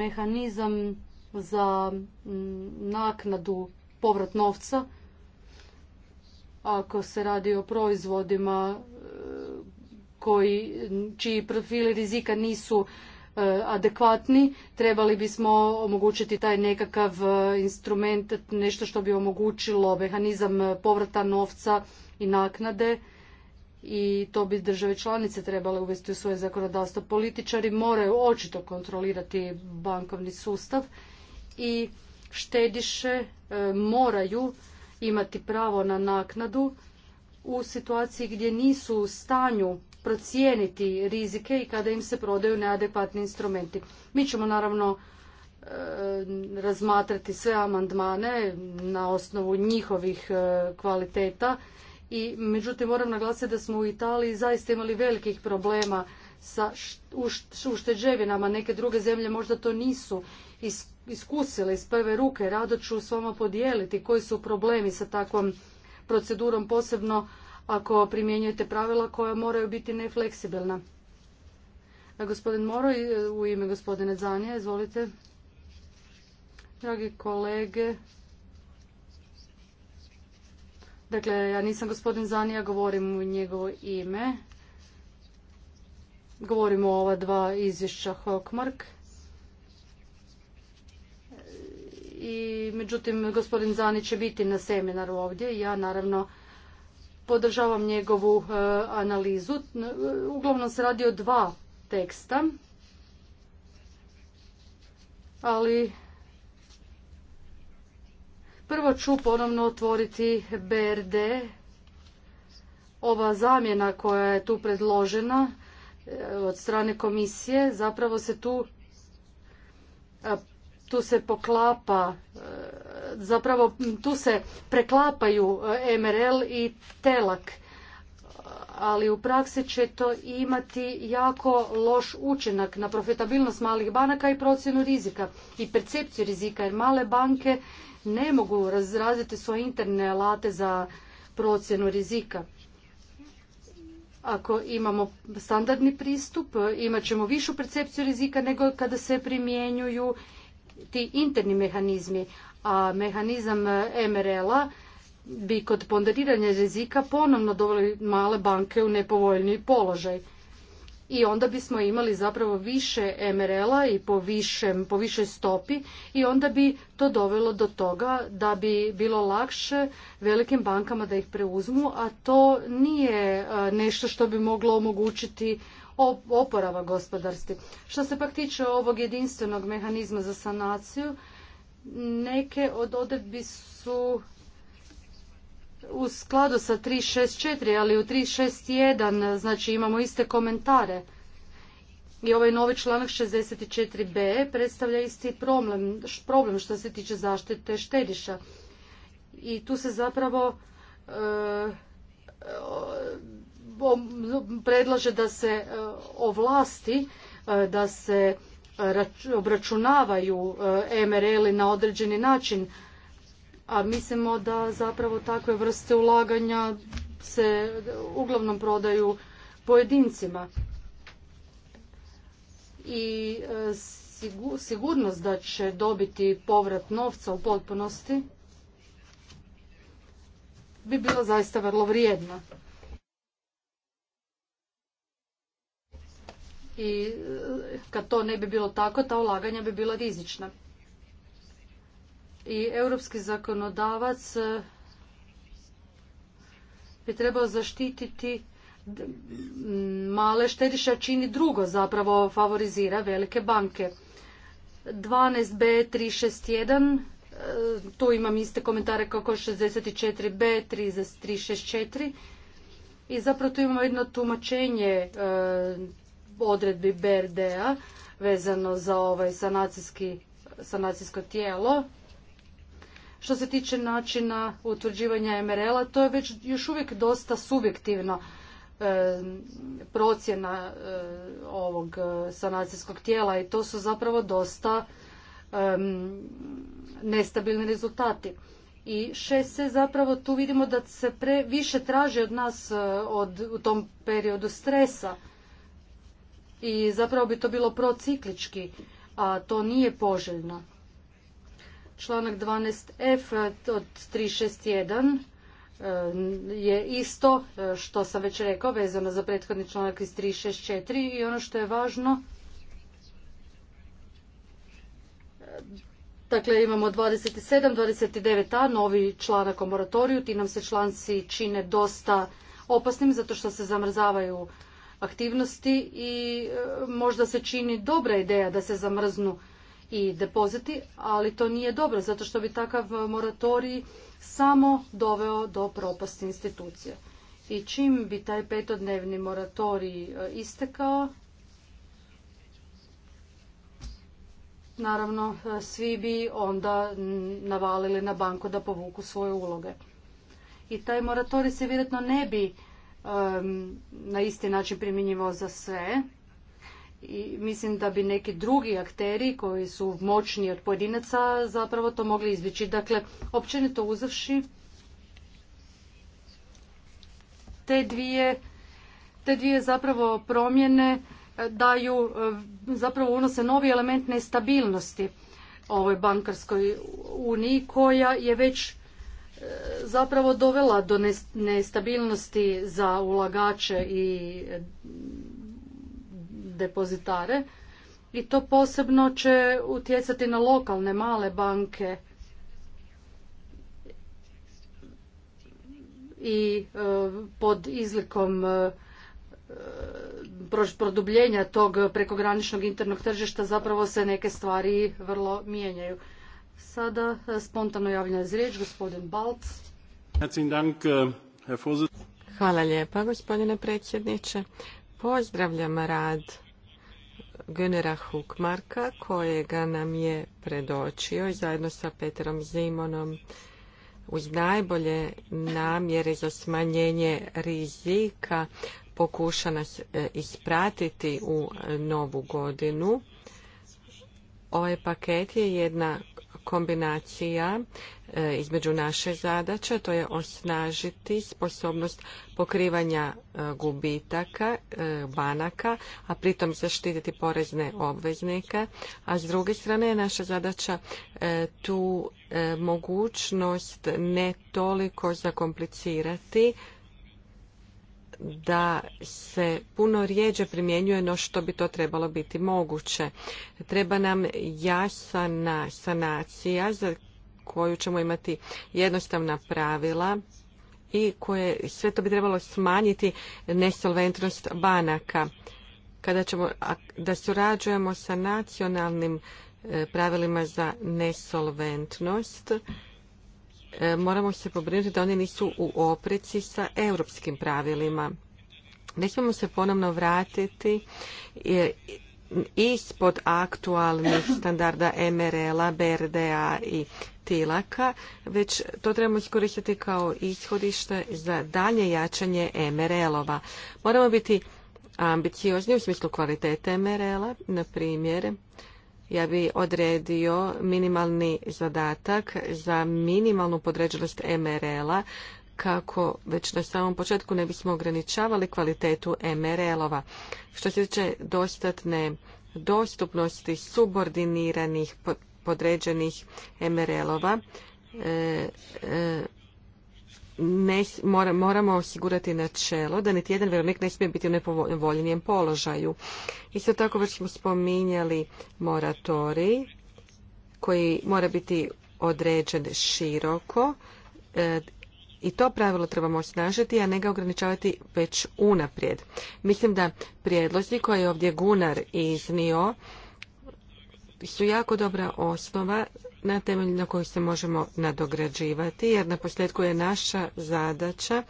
Mehanizam za mm, naknadu povrat novca ako se radi o proizvodima e, koji, čiji profili rizika nisu e, adekvatni, trebali bismo omogućiti taj nekakav e, instrument, nešto što bi omogućilo mehanizam povrata novca i naknade i to bi države članice trebale uvesti u svoje zakonodavstvo. Političari moraju očito kontrolirati bankovni sustav i štediše e, moraju imati pravo na naknadu u situaciji gdje nisu u stanju procijeniti rizike i kada im se prodaju neadekvatni instrumenti. Mi ćemo naravno e, razmatrati sve amandmane na osnovu njihovih e, kvaliteta i međutim moram naglasiti da smo u Italiji zaista imali velikih problema sa ušteđevinama. Neke druge zemlje možda to nisu iskusile iz prve ruke. Rado ću s vama podijeliti koji su problemi sa takvom procedurom, posebno ako primjenjujete pravila koja moraju biti nefleksibilna. E, gospodin Moro, e, u ime gospodine Zanija, izvolite. Dragi kolege, Dakle, ja nisam gospodin Zanija, govorim u njegovo ime. Govorimo o ova dva izvješća Hockmark. I međutim, gospodin Zani će biti na seminaru ovdje. Ja naravno podržavam njegovu e, analizu. Uglavnom se radi o dva teksta, ali Prvo ću ponovno otvoriti BRD. Ova zamjena koja je tu predložena e, od strane komisije, zapravo se tu e, tu se poklapa, e, zapravo tu se preklapaju MRL i telak, ali u praksi će to imati jako loš učinak na profitabilnost malih banaka i procjenu rizika i percepciju rizika, jer male banke ne mogu razraziti svoje interne alate za procjenu rizika. Ako imamo standardni pristup, imat ćemo višu percepciju rizika nego kada se primjenjuju ti interni mehanizmi, a mehanizam MRL-a bi kod ponderiranja rizika ponovno doveli male banke u nepovoljni položaj i onda bismo imali zapravo više MRL-a i po, po višoj stopi i onda bi to dovelo do toga da bi bilo lakše velikim bankama da ih preuzmu, a to nije e, nešto što bi moglo omogućiti oporava gospodarstva. Što se pak tiče ovog jedinstvenog mehanizma za sanaciju, neke od odredbi su u skladu sa 364, ali u 361 eh, znači imamo iste komentare. I ovaj novi članak 64b predstavlja isti problem, što se tiče zaštite štediša. I tu se zapravo eh, predlaže da se eh, ovlasti, da se obračunavaju MRL-i na određeni način, a mislimo da zapravo takve vrste ulaganja se uglavnom prodaju pojedincima. I e, sigurnost da će dobiti povrat novca u potpunosti bi bila zaista vrlo vrijedna. I e, kad to ne bi bilo tako, ta ulaganja bi bila rizična i europski zakonodavac e, bi trebao zaštititi male štediša čini drugo zapravo favorizira velike banke. 12B361 e, tu imam iste komentare kako 64B364 i zapravo tu imamo jedno tumačenje e, odredbi BRD-a vezano za ovaj sanacijsko tijelo što se tiče načina utvrđivanja MRL-a, to je već još uvijek dosta subjektivna e, procjena e, ovog e, sanacijskog tijela i to su zapravo dosta nestabilni rezultati. I šest se zapravo tu vidimo da se više traži od nas od, u tom periodu stresa i zapravo bi to bilo prociklički, a to nije poželjno. Članak 12f od 361 eh, je isto eh, što sam već rekao vezano za prethodni članak iz 364 i ono što je važno eh, Dakle, imamo 27, 29a, novi članak o moratoriju. Ti nam se članci čine dosta opasnim zato što se zamrzavaju aktivnosti i možda se čini dobra ideja da se zamrznu i depoziti, ali to nije dobro zato što bi takav moratorij samo doveo do propasti institucije. I čim bi taj petodnevni moratorij e, istekao, naravno e, svi bi onda navalili na banku da povuku svoje uloge. I taj moratorij se vjerojatno ne bi na isti način primjenjivao za sve, i mislim da bi neki drugi akteri koji su moćni od pojedinaca zapravo to mogli izbjeći. Dakle, općenito uzavši te dvije, te dvije zapravo promjene e, daju, e, zapravo unose novi element nestabilnosti ovoj bankarskoj uniji koja je već e, zapravo dovela do nestabilnosti za ulagače i depozitare i to posebno će utjecati na lokalne male banke i e, pod izlikom e, produbljenja tog prekograničnog internog tržišta zapravo se neke stvari vrlo mijenjaju. Sada e, spontano javljena za riječ, gospodin Balc. Hvala lijepa, gospodine predsjedniče. Pozdravljam rad Gönera Hukmarka kojega nam je predočio i zajedno sa Peterom Zimonom uz najbolje namjere za smanjenje rizika pokuša nas e, ispratiti u novu godinu. Ovaj paket je jedna kombinacija E, između naše zadaće, to je osnažiti sposobnost pokrivanja e, gubitaka e, banaka, a pritom zaštititi porezne obveznike, a s druge strane je naša zadaća tu mogućnost ne toliko zakomplicirati da se puno rijeđe primjenjuje no što bi to trebalo biti moguće. Treba nam jasna sanacija za koju ćemo imati jednostavna pravila i koje sve to bi trebalo smanjiti nesolventnost banaka. Kada ćemo, da surađujemo sa nacionalnim e, pravilima za nesolventnost, e, moramo se pobrinuti da oni nisu u opreci sa europskim pravilima. Ne smijemo se ponovno vratiti e, ispod aktualnih standarda MRL-a, BRDA i tilaka, već to trebamo iskoristiti kao ishodište za dalje jačanje MRL-ova. Moramo biti ambiciozni u smislu kvalitete MRL-a, na primjer, ja bi odredio minimalni zadatak za minimalnu podređenost MRL-a kako već na samom početku ne bismo ograničavali kvalitetu MRL-ova. Što se tiče dostatne dostupnosti subordiniranih podređenih MRL-ova e, e, ne, moramo osigurati načelo da niti jedan vjerovnik ne smije biti u nepovoljnijem položaju. Isto tako već smo spominjali moratori koji mora biti određen široko e, i to pravilo trebamo osnažiti, a ne ga ograničavati već unaprijed. Mislim da prijedlozi koje je ovdje Gunar iznio su jako dobra osnova na temelju na koju se možemo nadograđivati, jer na posljedku je naša zadaća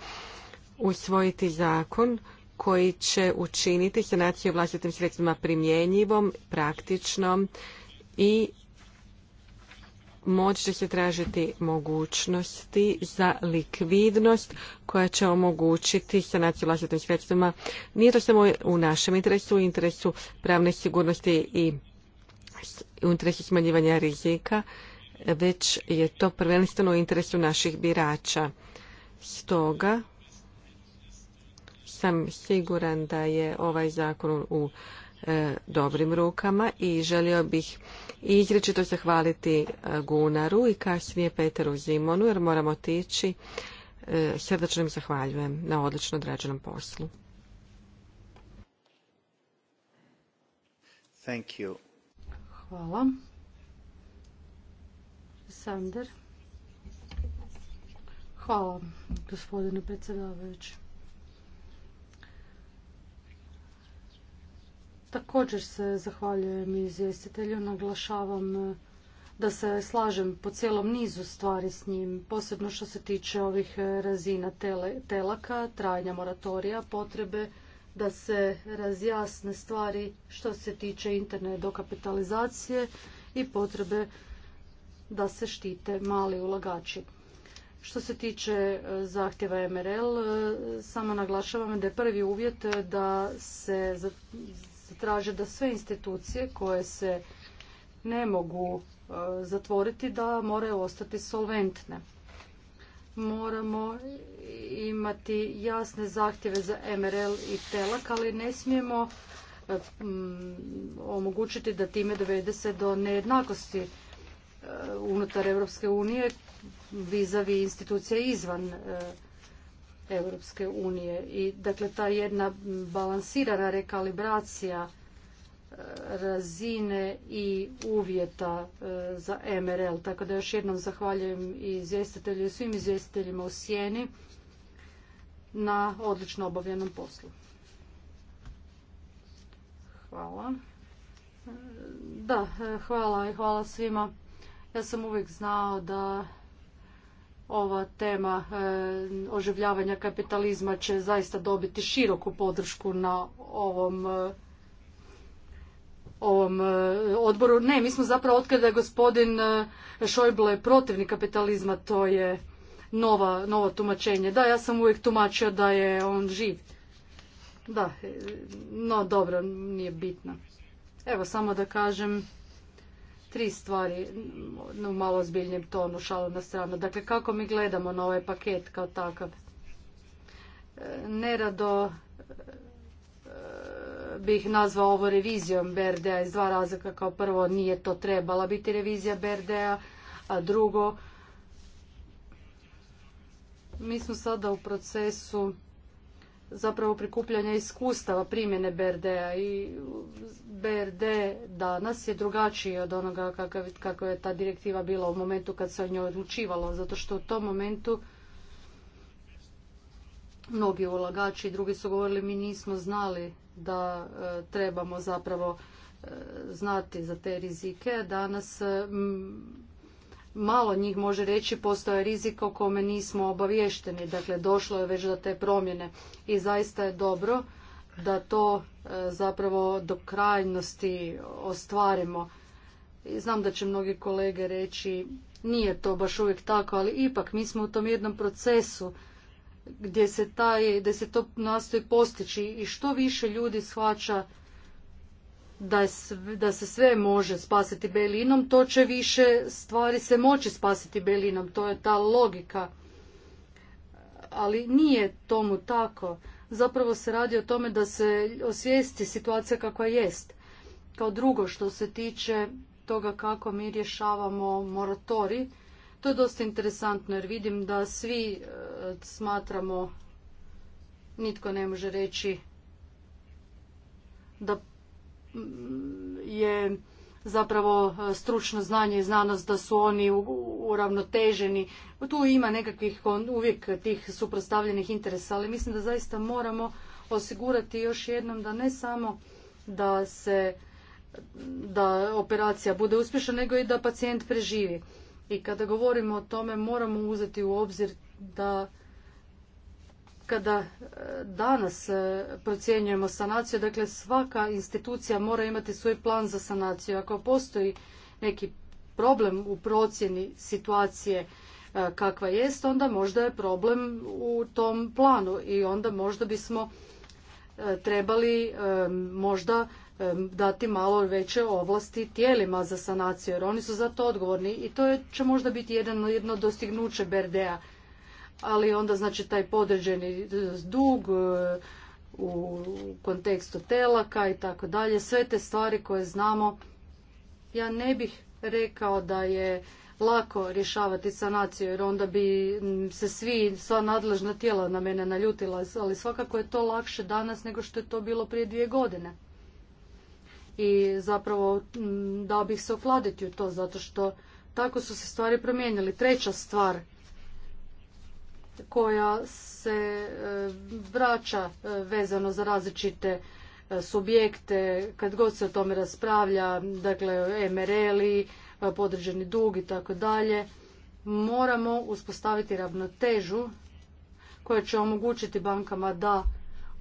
usvojiti zakon koji će učiniti sanaciju vlastitim sredstvima primjenjivom, praktičnom i moći će se tražiti mogućnosti za likvidnost koja će omogućiti sanaciju vlastitim sredstvima. Nije to samo u našem interesu, u interesu pravne sigurnosti i u interesu smanjivanja rizika, već je to prvenstveno u interesu naših birača. Stoga sam siguran da je ovaj zakon u e, dobrim rukama i želio bih izričito zahvaliti e, Gunaru i kasnije Peteru Zimonu jer moramo otići. E, zahvaljujem na odlično odrađenom poslu. Thank Hvala. Sander. Hvala, gospodine predsjedavajući. Također se zahvaljujem izvjestitelju, naglašavam eh, da se slažem po cijelom nizu stvari s njim, posebno što se tiče ovih eh, razina telaka, trajanja moratorija, potrebe da se razjasne stvari što se tiče interne dokapitalizacije i potrebe da se štite mali ulagači. Što se tiče e, zahtjeva MRL, e, samo naglašavam da je prvi uvjet da se zatraže da sve institucije koje se ne mogu e, zatvoriti da moraju ostati solventne moramo imati jasne zahtjeve za MRL i telak, ali ne smijemo e, mm, omogućiti da time dovede se do nejednakosti e, unutar Europske unije vizavi institucije izvan e, Europske unije. I dakle ta jedna balansirana rekalibracija razine i uvjeta e, za MRL. Tako da još jednom zahvaljujem i izvjestitelju i svim izvjestiteljima u Sijeni na odlično obavljenom poslu. Hvala. Da, e, hvala i hvala svima. Ja sam uvijek znao da ova tema e, oživljavanja kapitalizma će zaista dobiti široku podršku na ovom ovom e, odboru. Ne, mi smo zapravo otkada je gospodin Šojble e, protivnik kapitalizma, to je nova, novo tumačenje. Da, ja sam uvijek tumačio da je on živ. Da, e, no dobro, nije bitno. Evo, samo da kažem tri stvari u malo ozbiljnijem tonu, šalu na stranu. Dakle, kako mi gledamo na ovaj paket kao takav? Nerado bih nazvao ovo revizijom BRD-a iz dva razloga. Kao prvo, nije to trebala biti revizija BRD-a, a drugo, mi smo sada u procesu zapravo prikupljanja iskustava primjene BRD-a i BRD danas je drugačiji od onoga kako je ta direktiva bila u momentu kad se o njoj odlučivalo, zato što u tom momentu mnogi ulagači i drugi su govorili mi nismo znali da e, trebamo zapravo e, znati za te rizike. Danas e, malo njih može reći postoje rizik o kome nismo obaviješteni. Dakle, došlo je već do te promjene i zaista je dobro da to zapravo do krajnosti ostvarimo. I znam da će mnogi kolege reći nije to baš uvijek tako, ali ipak mi smo u tom jednom procesu gdje se, taj, gdje se to nastoji postići i što više ljudi shvaća da, da se sve može spasiti belinom, to će više stvari se moći spasiti belinom. To je ta logika. Ali nije tomu tako. Zapravo se radi o tome da se osvijesti situacija kakva jest. Kao drugo što se tiče toga kako mi rješavamo moratori, to je dosta interesantno jer vidim da svi e, smatramo, nitko ne može reći da mm, je zapravo e, stručno znanje i znanost da su oni uravnoteženi. Tu ima nekakvih uvijek tih suprotstavljenih interesa, ali mislim da zaista moramo osigurati još jednom da ne samo da se da operacija bude uspješna, nego i da pacijent preživi. I kada govorimo o tome moramo uzeti u obzir da kada e, danas e, procjenjujemo sanaciju, dakle svaka institucija mora imati svoj plan za sanaciju. Ako postoji neki problem u procjeni situacije e, kakva jest, onda možda je problem u tom planu i onda možda bismo trebali možda dati malo veće ovlasti tijelima za sanaciju jer oni su za to odgovorni i to će možda biti jedno jedno dostignuće Berdea. Ali onda znači taj podređeni e, dug e, u kontekstu telaka i tako dalje, sve te stvari koje znamo, ja ne bih rekao da je lako rješavati sanaciju jer onda bi se svi, sva nadležna tijela na mene naljutila, ali svakako je to lakše danas nego što je to bilo prije dvije godine i zapravo mm, da bih se okladiti u to zato što tako su se stvari promijenili. Treća stvar koja se e, vraća e, vezano za različite e, subjekte, kad god se o tome raspravlja, dakle MRL-i, podređeni dug i tako dalje, moramo uspostaviti ravnotežu koja će omogućiti bankama da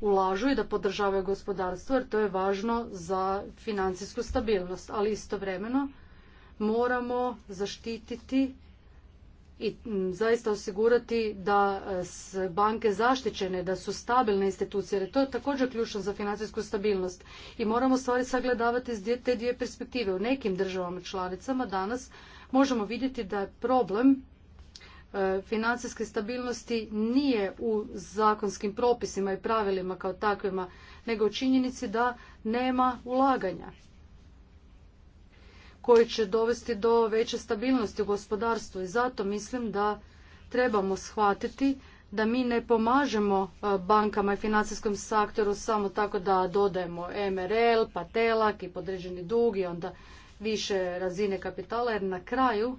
ulažu i da podržavaju gospodarstvo jer to je važno za financijsku stabilnost. Ali istovremeno moramo zaštititi i zaista osigurati da e, s banke zaštićene, da su stabilne institucije, jer to je također ključno za financijsku stabilnost. I moramo stvari sagledavati iz te dvije perspektive. U nekim državama članicama danas možemo vidjeti da je problem E, financijske stabilnosti nije u zakonskim propisima i pravilima kao takvima, nego u činjenici da nema ulaganja koji će dovesti do veće stabilnosti u gospodarstvu. I zato mislim da trebamo shvatiti da mi ne pomažemo e, bankama i financijskom sektoru samo tako da dodajemo MRL, patelak i podređeni dug i onda više razine kapitala, jer na kraju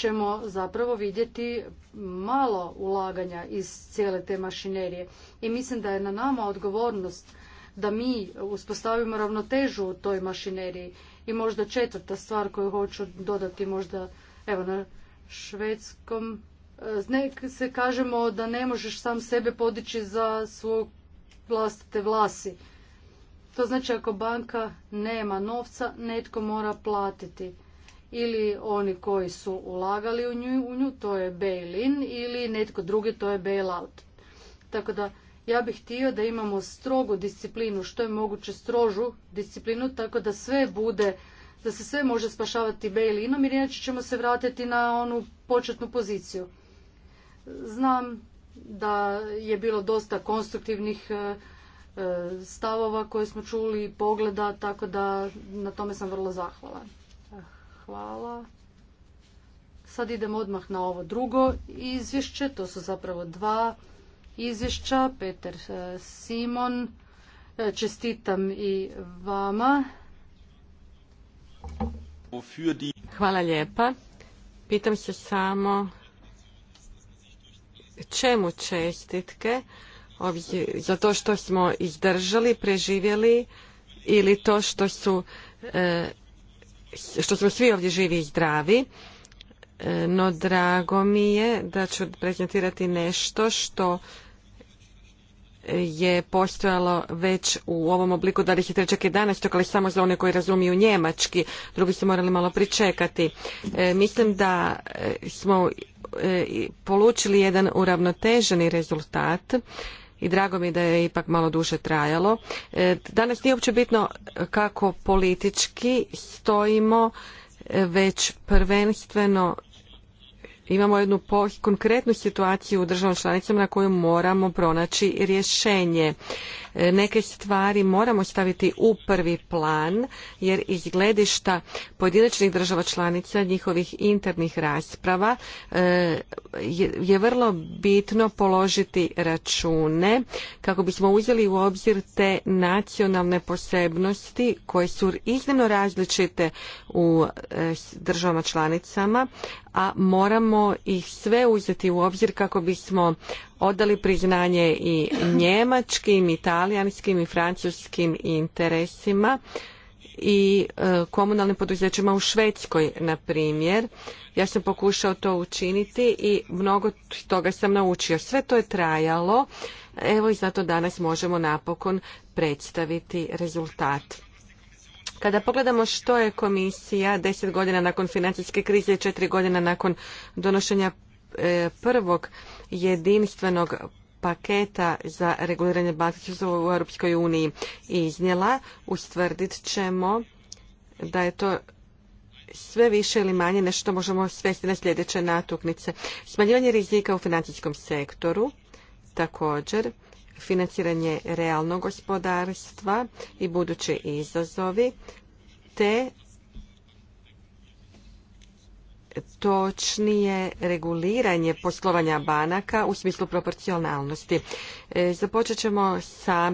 ćemo zapravo vidjeti malo ulaganja iz cijele te mašinerije. I mislim da je na nama odgovornost da mi uspostavimo ravnotežu u toj mašineriji. I možda četvrta stvar koju hoću dodati možda evo na švedskom eh, nek se kažemo da ne možeš sam sebe podići za svog vlastite vlasi. To znači ako banka nema novca, netko mora platiti ili oni koji su ulagali u nju, u nju to je bail-in ili netko drugi to je bail-out. Tako da ja bih htio da imamo strogu disciplinu, što je moguće strožu disciplinu, tako da sve bude, da se sve može spašavati bail-inom jer inače ćemo se vratiti na onu početnu poziciju. Znam da je bilo dosta konstruktivnih e, e, stavova koje smo čuli i pogleda, tako da na tome sam vrlo zahvalan. Hvala. Sad idemo odmah na ovo drugo izvješće. To su zapravo dva izvješća. Peter e, Simon, e, čestitam i vama. Hvala lijepa. Pitam se samo čemu čestitke? Za to što smo izdržali, preživjeli ili to što su e, što smo svi ovdje živi i zdravi. E, no drago mi je da ću prezentirati nešto što je postojalo već u ovom obliku 23.11. ali samo za one koji razumiju njemački. Drugi su morali malo pričekati. E, mislim da e, smo polučili jedan uravnoteženi rezultat i drago mi da je ipak malo duže trajalo. E, danas nije uopće bitno kako politički stojimo, e, već prvenstveno imamo jednu konkretnu situaciju u državnom članicama na koju moramo pronaći rješenje. E, neke stvari moramo staviti u prvi plan jer iz gledišta pojedinačnih država članica njihovih internih rasprava e, je vrlo bitno položiti račune kako bismo uzeli u obzir te nacionalne posebnosti koje su iznimno različite u e, državama članicama a moramo ih sve uzeti u obzir kako bismo odali priznanje i njemačkim, i i francuskim interesima i e, komunalnim poduzećima u Švedskoj, na primjer. Ja sam pokušao to učiniti i mnogo toga sam naučio. Sve to je trajalo, evo i zato danas možemo napokon predstaviti rezultat. Kada pogledamo što je komisija deset godina nakon financijske krize i četiri godina nakon donošenja prvog jedinstvenog paketa za reguliranje bankarskog u Europskoj uniji iznijela, ustvrdit ćemo da je to sve više ili manje nešto što možemo svesti na sljedeće natuknice. Smanjivanje rizika u financijskom sektoru, također financiranje realnog gospodarstva i budući izazovi, te točnije reguliranje poslovanja banaka u smislu proporcionalnosti. E, započet ćemo sa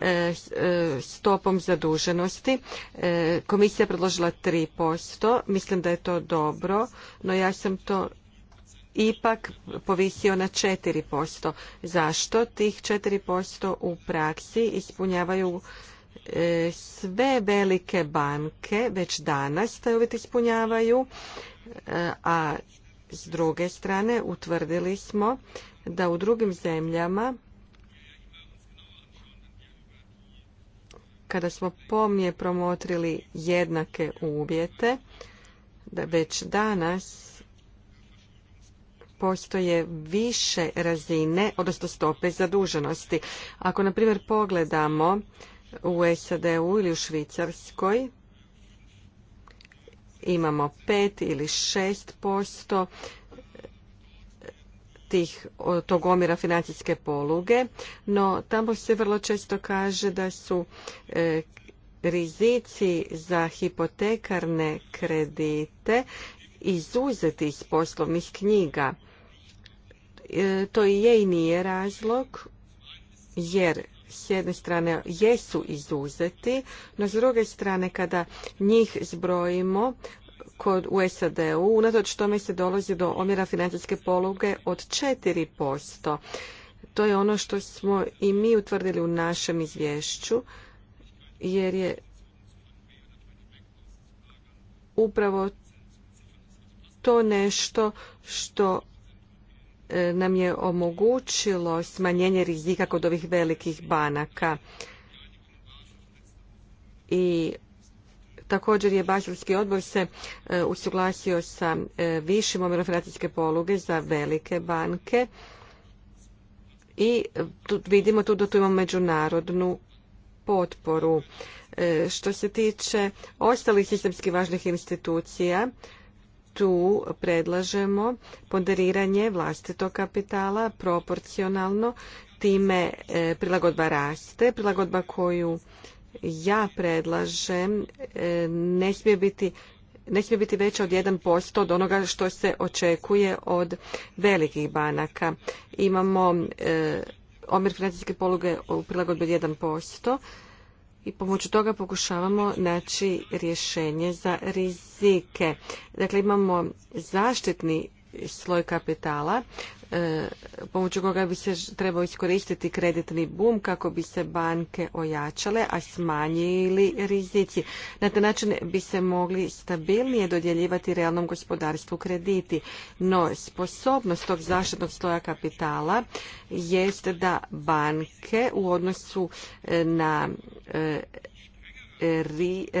e, e, stopom zaduženosti. Komisija je predložila 3%. Mislim da je to dobro, no ja sam to ipak povisio na 4%. Zašto? Tih 4% u praksi ispunjavaju sve velike banke, već danas taj uvjet ispunjavaju E, a s druge strane utvrdili smo da u drugim zemljama kada smo pomnije promotrili jednake uvjete da već danas postoje više razine odnosno stope zaduženosti ako na primjer pogledamo u SAD-u ili u Švicarskoj imamo 5 ili 6% tih, tog omjera financijske poluge, no tamo se vrlo često kaže da su e, rizici za hipotekarne kredite izuzeti iz poslovnih knjiga. E, to i je i nije razlog, jer s jedne strane jesu izuzeti, no s druge strane kada njih zbrojimo kod u SAD-u, unatoč tome se dolazi do omjera financijske poluge od 4%. To je ono što smo i mi utvrdili u našem izvješću, jer je upravo to nešto što E, nam je omogućilo smanjenje rizika kod ovih velikih banaka. I također je Baselski odbor se e, usuglasio sa e, višim omjerom financijske poluge za velike banke i vidimo tu da tu imamo međunarodnu potporu. Što se tiče ostalih sistemski važnih institucija, tu predlažemo ponderiranje vlastitog kapitala proporcionalno, time e, prilagodba raste, prilagodba koju ja predlažem e, ne smije biti ne smije biti veća od 1% od onoga što se očekuje od velikih banaka. Imamo e, omjer financijske poluge u prilagodbi 1%, i pomoću toga pokušavamo naći rješenje za rizike. Dakle, imamo zaštitni sloj kapitala E, pomoću koga bi se trebao iskoristiti kreditni bum kako bi se banke ojačale, a smanjili rizici. Na taj način bi se mogli stabilnije dodjeljivati realnom gospodarstvu krediti. No, sposobnost tog zaštitnog sloja kapitala jeste da banke u odnosu e, na e,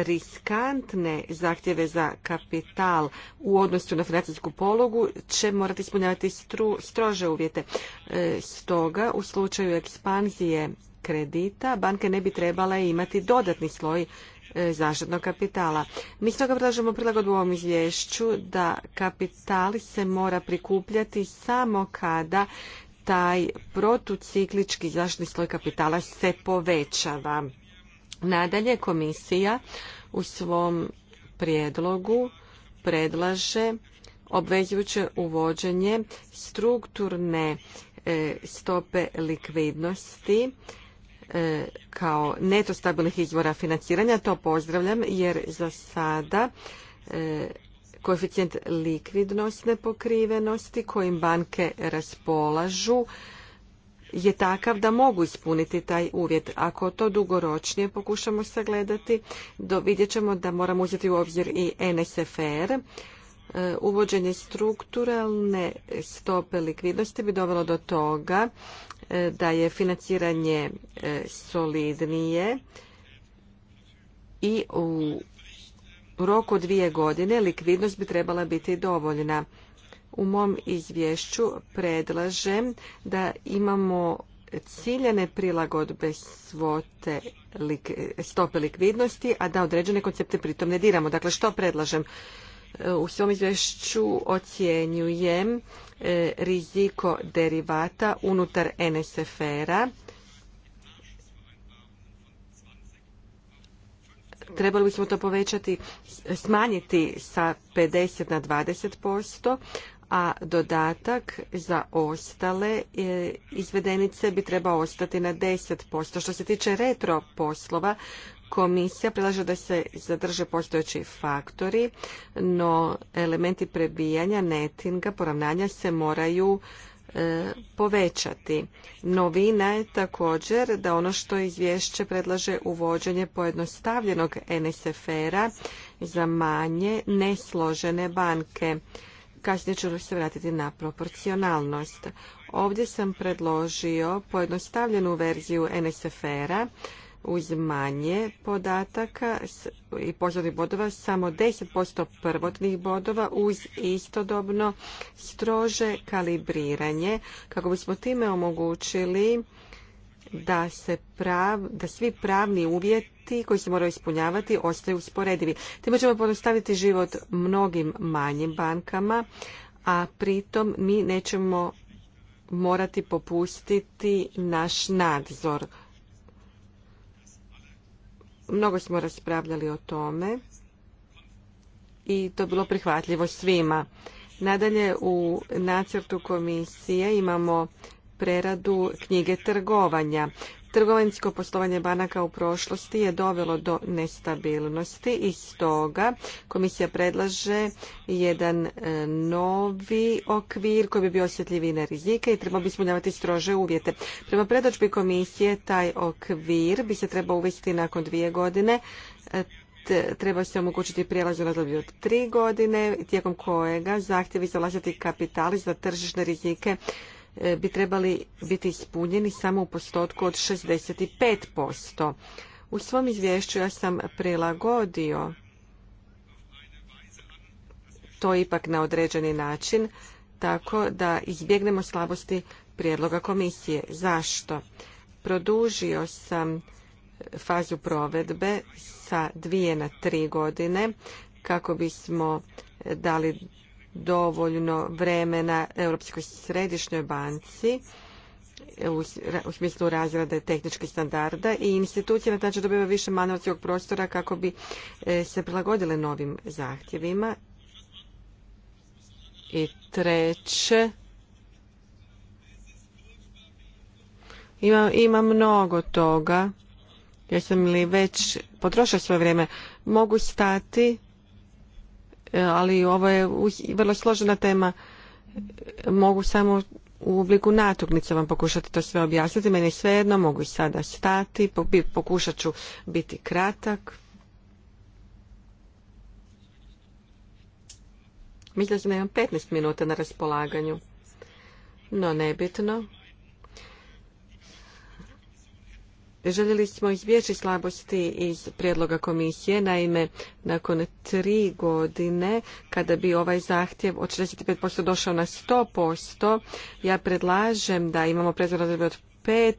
riskantne zahtjeve za kapital u odnosu na financijsku pologu će morati ispunjavati strože uvjete. E, stoga u slučaju ekspanzije kredita banke ne bi trebale imati dodatni sloj e, zaštitnog kapitala. Mi stoga predlažemo prilagodbu u ovom izvješću da kapital se mora prikupljati samo kada taj protuciklički zaštitni sloj kapitala se povećava. Nadalje, komisija u svom prijedlogu predlaže obvezujuće uvođenje strukturne e, stope likvidnosti e, kao neto izvora financiranja. To pozdravljam jer za sada e, koeficijent likvidnosne pokrivenosti kojim banke raspolažu je takav da mogu ispuniti taj uvjet. Ako to dugoročnije pokušamo sagledati, vidjet ćemo da moramo uzeti u obzir i NSFR. E, uvođenje strukturalne stope likvidnosti bi dovelo do toga e, da je financiranje e, solidnije i u roku dvije godine likvidnost bi trebala biti dovoljna. U mom izvješću predlažem da imamo ciljene prilagodbe svote stope likvidnosti, a da određene koncepte pritom ne diramo. Dakle, što predlažem? E, u svom izvješću ocjenjujem e, riziko derivata unutar NSFR-a. Trebali bismo to povećati, smanjiti sa 50 na 20% a dodatak za ostale e, izvedenice bi trebao ostati na 10%. Što se tiče retro poslova, komisija predlaže da se zadrže postojeći faktori, no elementi prebijanja, netinga, poravnanja se moraju e, povećati. Novina je također da ono što izvješće predlaže uvođenje pojednostavljenog NSFR-a za manje nesložene banke kasnije ću se vratiti na proporcionalnost. Ovdje sam predložio pojednostavljenu verziju NSFR-a uz manje podataka i pozornih bodova, samo 10% prvotnih bodova uz istodobno strože kalibriranje, kako bismo time omogućili da se prav, da svi pravni uvjeti koji se moraju ispunjavati ostaju usporedivi. Time ćemo podostaviti život mnogim manjim bankama, a pritom mi nećemo morati popustiti naš nadzor. Mnogo smo raspravljali o tome i to je bilo prihvatljivo svima. Nadalje u nacrtu komisije imamo preradu knjige trgovanja. Trgovinsko poslovanje banaka u prošlosti je dovelo do nestabilnosti i stoga komisija predlaže jedan e, novi okvir koji bi bio osjetljiviji na rizike i trebao bi ispunjavati strože uvjete. Prema predočbi komisije taj okvir bi se trebao uvesti nakon dvije godine e, treba se omogućiti prijelaz u razdoblju od tri godine, tijekom kojega zahtjevi za vlastiti kapital za tržišne rizike E, bi trebali biti ispunjeni samo u postotku od 65%. U svom izvješću ja sam prilagodio to ipak na određeni način, tako da izbjegnemo slabosti prijedloga komisije. Zašto? Produžio sam fazu provedbe sa dvije na tri godine kako bismo dali dovoljno vremena Europskoj središnjoj banci u smislu razrade tehničkih standarda i institucije na znači dobiva više manovacijog prostora kako bi e, se prilagodile novim zahtjevima. I treće, ima, mnogo toga. jesam li već potrošio svoje vrijeme. Mogu stati E, ali ovo je vrlo složena tema. Mogu samo u obliku natuknica vam pokušati to sve objasniti. Meni je svejedno, mogu i sada stati, pokušat ću biti kratak. Mislim da imam 15 minuta na raspolaganju. No, nebitno. Željeli smo izbjeći slabosti iz prijedloga komisije. Naime, nakon tri godine, kada bi ovaj zahtjev od 65% došao na 100%, ja predlažem da imamo prezor od 5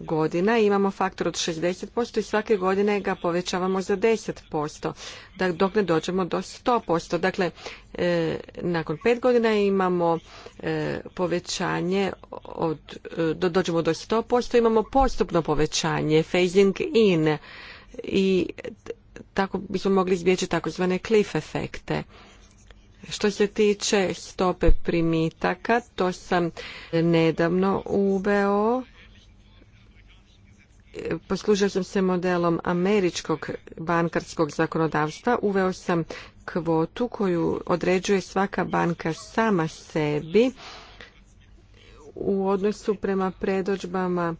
godina imamo faktor od 60% i svake godine ga povećavamo za 10%, da dok ne dođemo do 100%. Dakle, e, nakon pet godina imamo e, povećanje, od, e, dođemo do 100%, imamo postupno povećanje, phasing in i tako bismo mogli izbjeći takozvane cliff efekte. Što se tiče stope primitaka, to sam nedavno uveo poslužio sam se modelom američkog bankarskog zakonodavstva. Uveo sam kvotu koju određuje svaka banka sama sebi u odnosu prema predođbama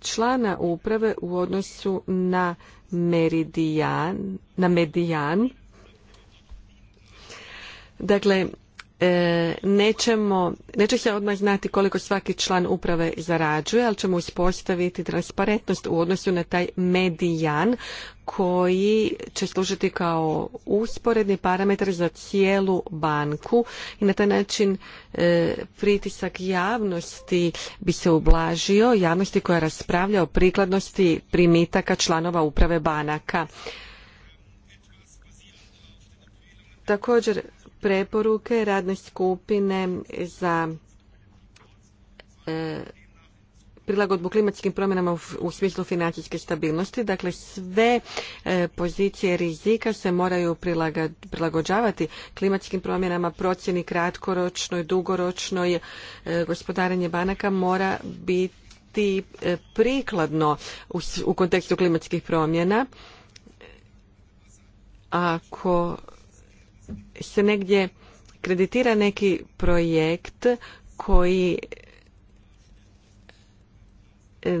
člana uprave u odnosu na meridijan, na medijan. Dakle, E, neće se odmah znati koliko svaki član uprave zarađuje, ali ćemo uspostaviti transparentnost u odnosu na taj medijan koji će služiti kao usporedni parametar za cijelu banku i na taj način e, pritisak javnosti bi se ublažio, javnosti koja raspravlja o prikladnosti primitaka članova uprave banaka. Također preporuke radne skupine za e, prilagodbu klimatskim promjenama u smislu financijske stabilnosti. Dakle, sve e, pozicije rizika se moraju prilagođavati klimatskim promjenama, procjeni kratkoročnoj, dugoročnoj, gospodaranje gospodarenje banaka mora biti e, prikladno u kontekstu klimatskih promjena. Ako se negdje kreditira neki projekt koji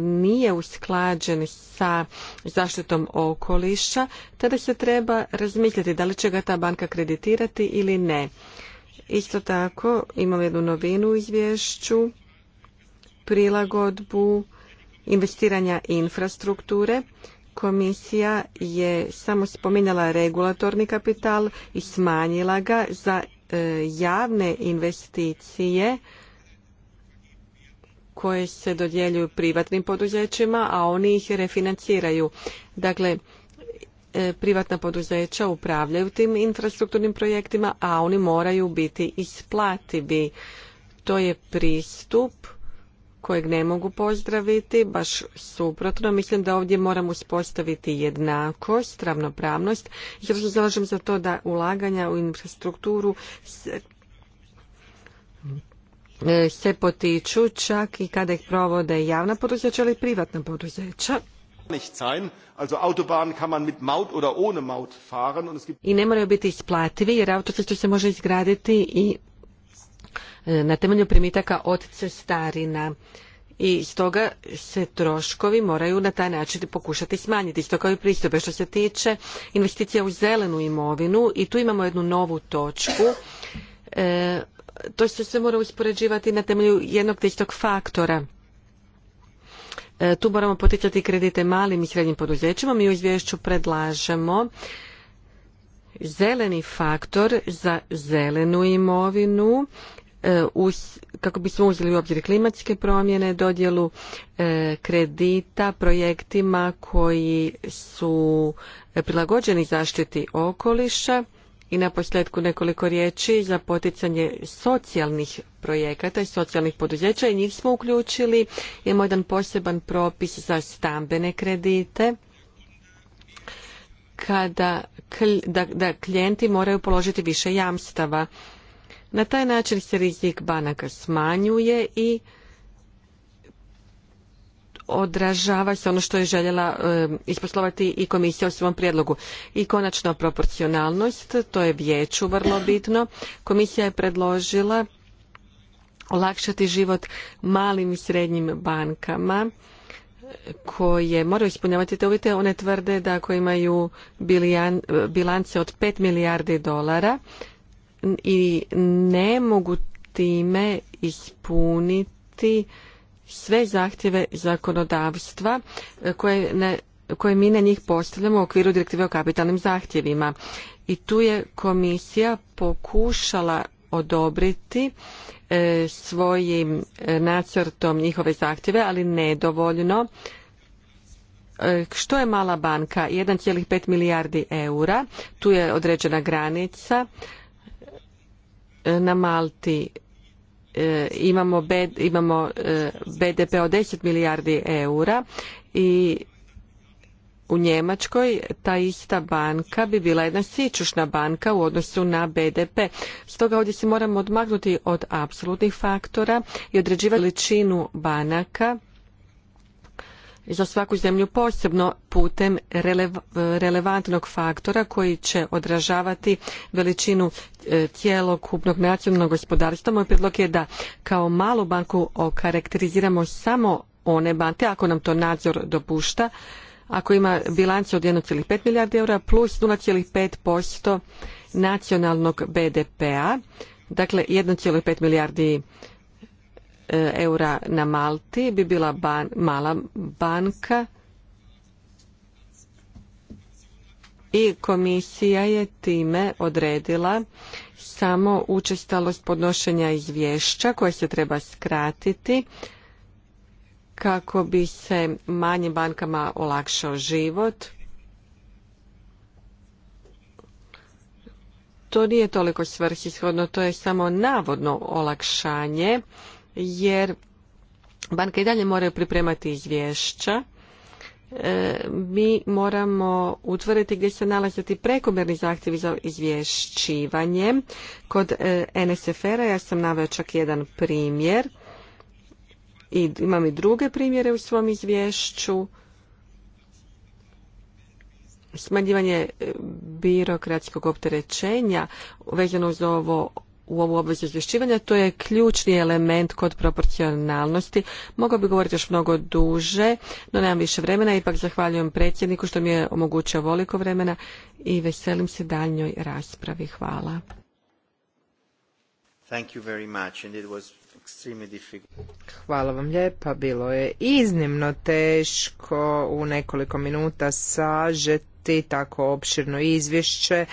nije usklađen sa zaštitom okoliša, tada se treba razmisliti da li će ga ta banka kreditirati ili ne. Isto tako imamo jednu novinu u izvješću, prilagodbu investiranja infrastrukture. Komisija je samo spominjala regulatorni kapital i smanjila ga za e, javne investicije koje se dodjeljuju privatnim poduzećima, a oni ih refinanciraju. Dakle, e, privatna poduzeća upravljaju tim infrastrukturnim projektima, a oni moraju biti isplativi. To je pristup kojeg ne mogu pozdraviti, baš suprotno. Mislim da ovdje moramo uspostaviti jednakost, ravnopravnost. Jer se zalažem za to da ulaganja u infrastrukturu se, se potiču čak i kada ih provode javna poduzeća ili privatna poduzeća. I ne moraju biti isplativi jer autoceste se može izgraditi i E, na temelju primitaka od cestarina i stoga se troškovi moraju na taj način pokušati smanjiti isto kao i pristupe što se tiče investicija u zelenu imovinu i tu imamo jednu novu točku e, to se sve mora uspoređivati na temelju jednog te istog faktora e, tu moramo poticati kredite malim i srednjim poduzećima mi u izvješću predlažemo zeleni faktor za zelenu imovinu E, kako bismo uzeli u obzir klimatske promjene, dodjelu e, kredita projektima koji su e, prilagođeni zaštiti okoliša i na posljedku nekoliko riječi za poticanje socijalnih projekata i socijalnih poduzeća i njih smo uključili. Imamo jedan poseban propis za stambene kredite kada da, da klijenti moraju položiti više jamstava na taj način se rizik banaka smanjuje i odražava se ono što je željela isposlovati i komisija u svom prijedlogu. I konačno proporcionalnost, to je vijeću vrlo bitno. Komisija je predložila olakšati život malim i srednjim bankama koje moraju ispunjavati te uvjete. One tvrde da ako imaju bilance od 5 milijardi dolara, i ne mogu time ispuniti sve zahtjeve zakonodavstva e, koje, ne, koje mi na njih postavljamo u okviru direktive o kapitalnim zahtjevima. I tu je komisija pokušala odobriti e, svojim e, nacrtom njihove zahtjeve, ali nedovoljno. što je mala banka? 1,5 milijardi eura. Tu je određena granica na Malti e, imamo BDP e, od 10 milijardi eura i u Njemačkoj ta ista banka bi bila jedna sičušna banka u odnosu na BDP. Stoga ovdje se moramo odmagnuti od apsolutnih faktora i određivati veličinu banaka za svaku zemlju posebno putem relevantnog faktora koji će odražavati veličinu e, cjelokupnog nacionalnog gospodarstva. Moj prijedlog je da kao malu banku okarakteriziramo samo one banke, ako nam to nadzor dopušta, ako ima bilancu od 1,5 milijardi eura plus posto nacionalnog BDP-a, dakle 1,5 milijardi E, eura na Malti bi bila mala banka i komisija je time odredila samo učestalost podnošenja izvješća koje se treba skratiti kako bi se manjim bankama olakšao život. To nije toliko svrsishodno, to je samo navodno olakšanje jer banke i dalje moraju pripremati izvješća e, mi moramo utvrditi gdje se nalaze ti prekomerni zahtjevi za izvješćivanje. Kod e, NSFR-a ja sam naveo čak jedan primjer i imam i druge primjere u svom izvješću. Smanjivanje e, birokratskog opterećenja vezano uz ovo u ovu obvezu izvješćivanja, to je ključni element kod proporcionalnosti. Mogao bi govoriti još mnogo duže, no nemam više vremena, ipak zahvaljujem predsjedniku što mi je omogućio ovoliko vremena i veselim se daljnjoj raspravi. Hvala. Hvala vam lijepa, bilo je iznimno teško u nekoliko minuta sažeti i tako opširno izvješće,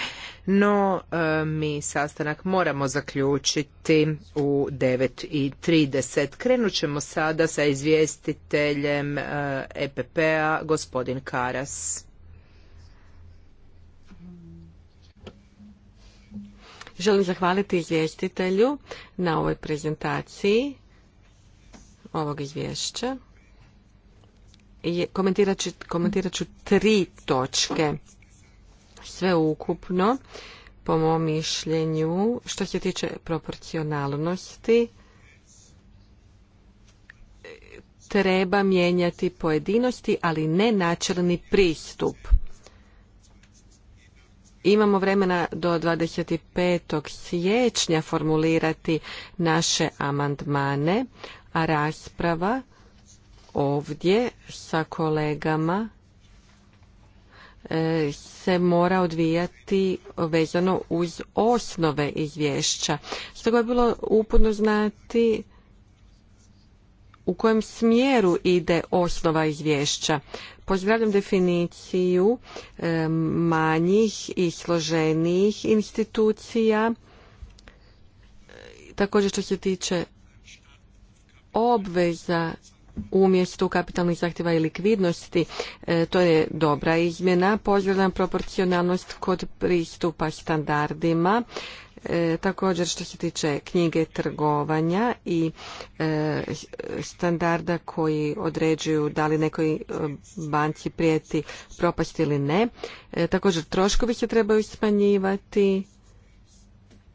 no e, mi sastanak moramo zaključiti u 9.30. Krenut ćemo sada sa izvjestiteljem EPP-a, e gospodin Karas. Želim zahvaliti izvjestitelju na ovoj prezentaciji ovog izvješća komentirat ću, tri točke sve ukupno po mom mišljenju što se tiče proporcionalnosti treba mijenjati pojedinosti ali ne načelni pristup imamo vremena do 25. siječnja formulirati naše amandmane a rasprava ovdje sa kolegama e, se mora odvijati vezano uz osnove izvješća. Stoga je bilo uputno znati u kojem smjeru ide osnova izvješća. Pozdravljam definiciju e, manjih i složenijih institucija. E, također što se tiče obveza umjesto kapitalnih zahtjeva i likvidnosti. E, to je dobra izmjena. Pozdravljam proporcionalnost kod pristupa standardima. E, također što se tiče knjige trgovanja i e, standarda koji određuju da li nekoj banci prijeti propast ili ne. također troškovi se trebaju smanjivati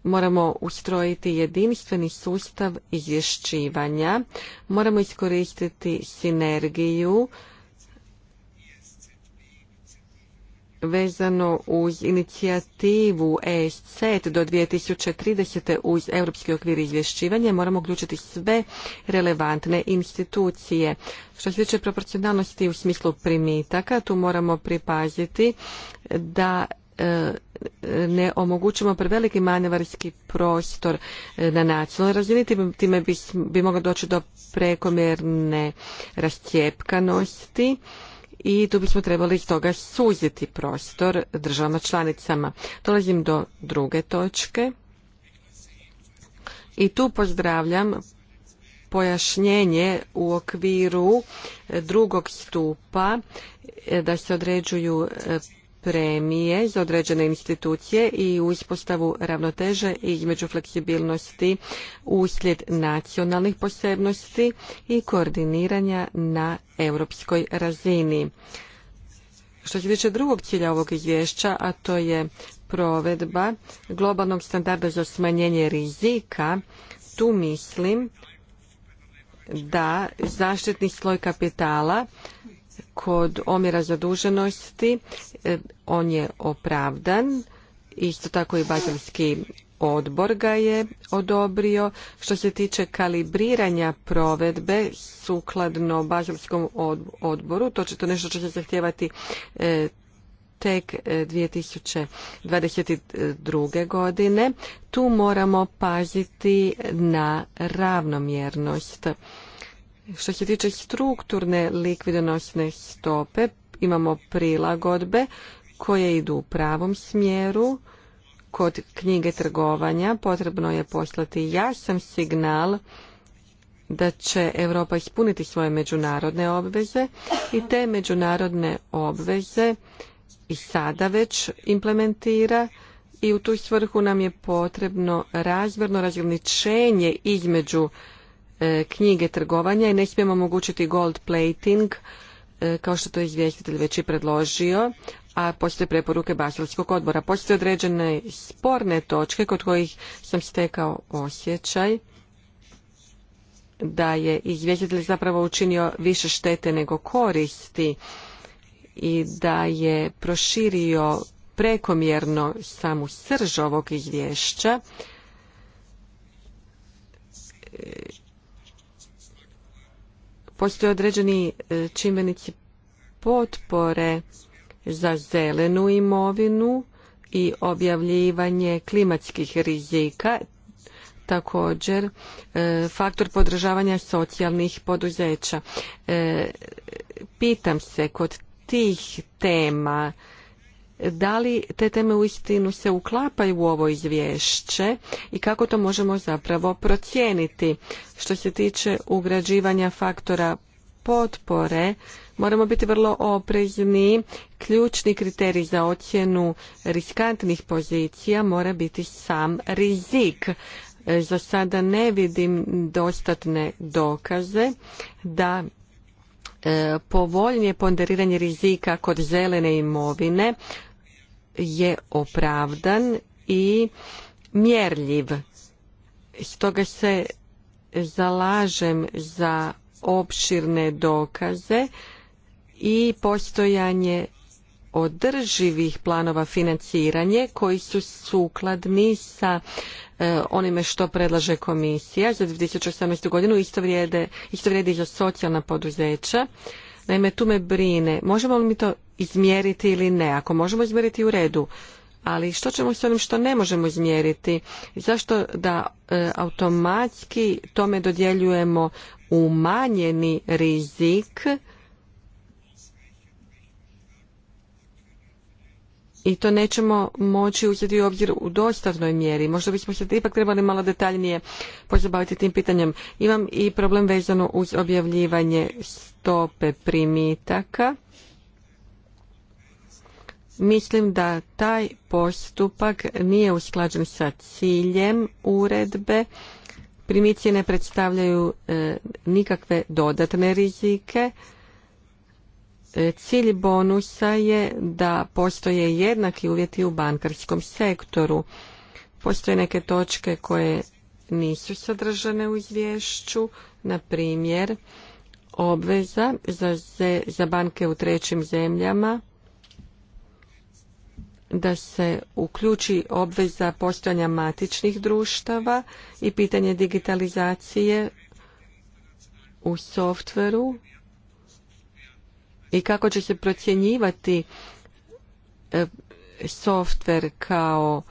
moramo ustrojiti jedinstveni sustav izvješćivanja, moramo iskoristiti sinergiju vezano uz inicijativu ESCET do 2030. uz Europski okvir izvješćivanja moramo uključiti sve relevantne institucije. Što se tiče proporcionalnosti u smislu primitaka, tu moramo pripaziti da E, ne omogućimo preveliki manevarski prostor e, na nacionalnoj razini, time bi, bi moglo doći do prekomjerne rascijepkanosti i tu bismo trebali iz toga suziti prostor državama članicama. Dolazim do druge točke i tu pozdravljam pojašnjenje u okviru drugog stupa e, da se određuju premije za određene institucije i uspostavu ravnoteže između fleksibilnosti uslijed nacionalnih posebnosti i koordiniranja na europskoj razini. Što se tiče drugog cilja ovog izvješća, a to je provedba globalnog standarda za smanjenje rizika, tu mislim da zaštitni sloj kapitala kod omjera zaduženosti e, on je opravdan. Isto tako i Bazelski odbor ga je odobrio. Što se tiče kalibriranja provedbe sukladno Bazelskom odboru, to će to nešto će zahtijevati e, tek 2022. E, godine. Tu moramo paziti na ravnomjernost. Što se tiče strukturne likvidonosne stope, imamo prilagodbe koje idu u pravom smjeru. Kod knjige trgovanja potrebno je poslati jasan signal da će Europa ispuniti svoje međunarodne obveze i te međunarodne obveze i sada već implementira i u tu svrhu nam je potrebno razmjerno razgraničenje između E, knjige trgovanja i ne smijemo omogućiti gold plating e, kao što to izvjestitelj već i predložio, a postoje preporuke Baselskog odbora. Postoje određene sporne točke kod kojih sam stekao osjećaj da je izvjestitelj zapravo učinio više štete nego koristi i da je proširio prekomjerno samu srž ovog izvješća postoje određeni e, čimbenici potpore za zelenu imovinu i objavljivanje klimatskih rizika, također e, faktor podržavanja socijalnih poduzeća. E, pitam se kod tih tema da li te teme uistinu se uklapaju u ovo izvješće i kako to možemo zapravo procijeniti. Što se tiče ugrađivanja faktora potpore, moramo biti vrlo oprezni. Ključni kriterij za ocjenu riskantnih pozicija mora biti sam rizik. E, za sada ne vidim dostatne dokaze da e, povoljnije ponderiranje rizika kod zelene imovine je opravdan i mjerljiv. Stoga se zalažem za opširne dokaze i postojanje održivih planova financiranje koji su sukladni sa e, onime što predlaže komisija za 2018. godinu isto vrijede, isto vrijedi i za socijalna poduzeća Naime, tu me brine, možemo li mi to izmjeriti ili ne? Ako možemo izmjeriti u redu, ali što ćemo s onim što ne možemo izmjeriti? Zašto da e, automatski tome dodjeljujemo umanjeni rizik i to nećemo moći uzeti u obzir u dostatnoj mjeri. Možda bismo se ipak trebali malo detaljnije pozabaviti tim pitanjem. Imam i problem vezano uz objavljivanje stope primitaka. Mislim da taj postupak nije usklađen sa ciljem uredbe. Primici ne predstavljaju e, nikakve dodatne rizike. E, cilj bonusa je da postoje jednaki uvjeti u bankarskom sektoru. Postoje neke točke koje nisu sadržane u izvješću, na primjer obveza za, za banke u trećim zemljama da se uključi obveza postojanja matičnih društava i pitanje digitalizacije u softveru i kako će se procjenjivati e, softver kao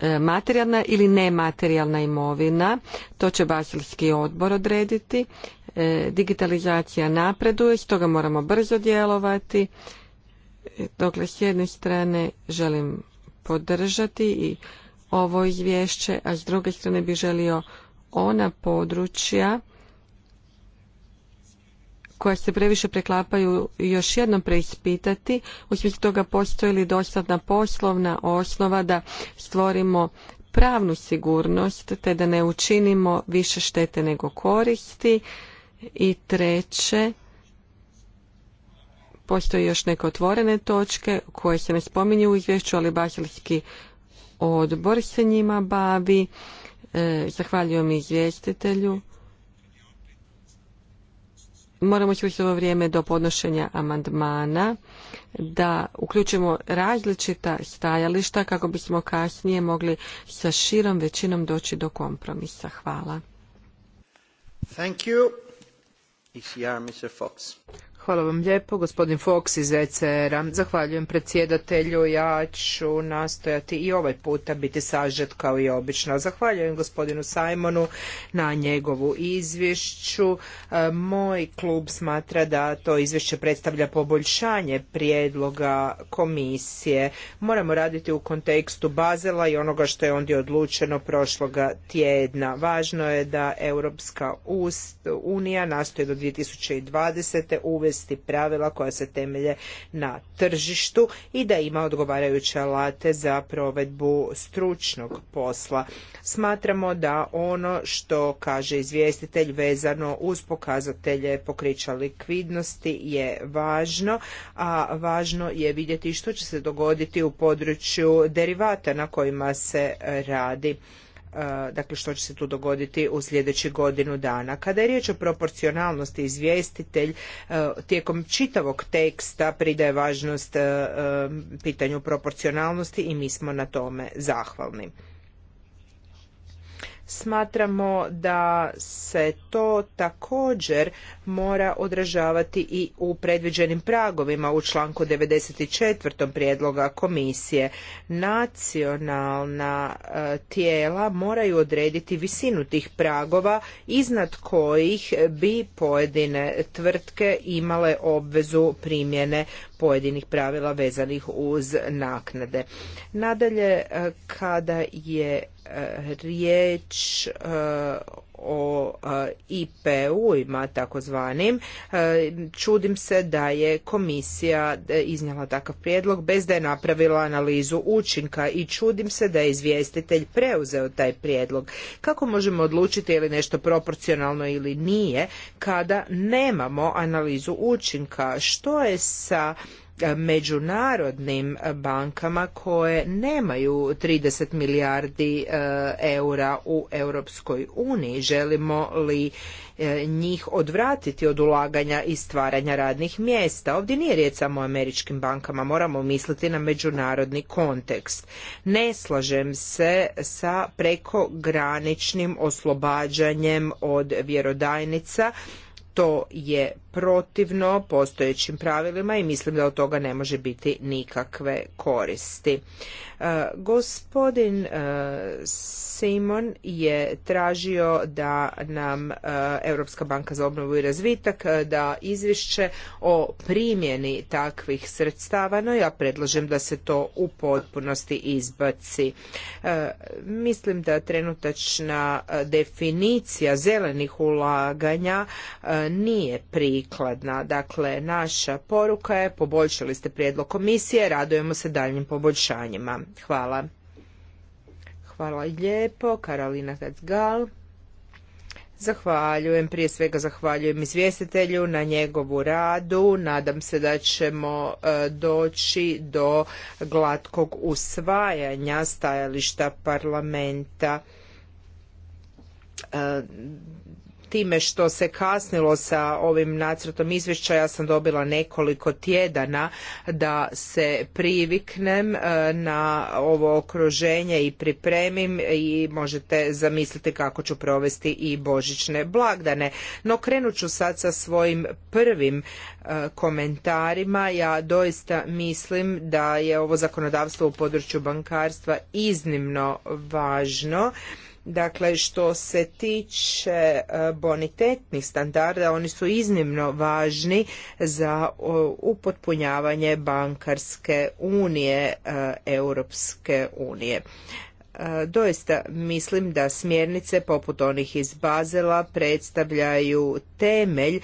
e, materijalna ili nematerijalna imovina. To će Basilski odbor odrediti. E, digitalizacija napreduje, stoga moramo brzo djelovati. Dokle s jedne strane želim podržati i ovo izvješće, a s druge strane bi želio ona područja koja se previše preklapaju još jednom preispitati u smislu toga postoji li dostatna poslovna osnova da stvorimo pravnu sigurnost te da ne učinimo više štete nego koristi i treće postoje još neke otvorene točke koje se ne spominju u izvješću ali basilski odbor se njima bavi e, zahvaljujem izvjestitelju moramo iskoristiti ovo vrijeme do podnošenja amandmana da uključimo različita stajališta kako bismo kasnije mogli sa širom većinom doći do kompromisa. Hvala. Hvala vam lijepo. Gospodin Fox iz ECR-a. Zahvaljujem predsjedatelju. Ja ću nastojati i ovaj puta biti sažet kao i obično. Zahvaljujem gospodinu Simonu na njegovu izvješću. E, moj klub smatra da to izvješće predstavlja poboljšanje prijedloga komisije. Moramo raditi u kontekstu Bazela i onoga što je ondje odlučeno prošloga tjedna. Važno je da Europska unija nastoji do 2020. uvesti pravila koja se temelje na tržištu i da ima odgovarajuće alate za provedbu stručnog posla. Smatramo da ono što kaže izvjestitelj vezano uz pokazatelje pokrića likvidnosti je važno, a važno je vidjeti što će se dogoditi u području derivata na kojima se radi. E, dakle što će se tu dogoditi u sljedećih godinu dana. Kada je riječ o proporcionalnosti, izvjestitelj e, tijekom čitavog teksta pridaje važnost e, pitanju proporcionalnosti i mi smo na tome zahvalni. Smatramo da se to također mora odražavati i u predviđenim pragovima u članku 94. prijedloga komisije. Nacionalna e, tijela moraju odrediti visinu tih pragova iznad kojih bi pojedine tvrtke imale obvezu primjene pojedinih pravila vezanih uz naknade. Nadalje, e, kada je e, riječ o IPU-ima takozvanim, čudim se da je komisija e, iznijela takav prijedlog bez da je napravila analizu učinka i čudim se da je izvjestitelj preuzeo taj prijedlog. Kako možemo odlučiti je li nešto proporcionalno ili nije kada nemamo analizu učinka? Što je sa međunarodnim e, bankama koje nemaju 30 milijardi e, eura u Europskoj uniji. Želimo li e, njih odvratiti od ulaganja i stvaranja radnih mjesta. Ovdje nije riječ samo o američkim bankama, moramo misliti na međunarodni kontekst. Ne slažem se sa prekograničnim oslobađanjem od vjerodajnica to je protivno postojećim pravilima i mislim da od toga ne može biti nikakve koristi. E, gospodin e, Simon je tražio da nam e, Europska banka za obnovu i razvitak da izvješće o primjeni takvih sredstava, no ja predlažem da se to u potpunosti izbaci. mislim da trenutačna definicija zelenih ulaganja nije pri prikladna. Dakle, naša poruka je poboljšali ste prijedlog komisije, radujemo se daljnjim poboljšanjima. Hvala. Hvala lijepo, Karolina Gal. Zahvaljujem, prije svega zahvaljujem izvjestitelju na njegovu radu. Nadam se da ćemo e, doći do glatkog usvajanja stajališta parlamenta e, time što se kasnilo sa ovim nacrtom izvješća ja sam dobila nekoliko tjedana da se priviknem e, na ovo okruženje i pripremim i možete zamisliti kako ću provesti i božićne blagdane. No krenut ću sad sa svojim prvim e, komentarima. Ja doista mislim da je ovo zakonodavstvo u području bankarstva iznimno važno Dakle, što se tiče e, bonitetnih standarda, oni su iznimno važni za upotpunjavanje bankarske unije e, Europske unije. E, doista mislim da smjernice poput onih iz Bazela predstavljaju temelj e,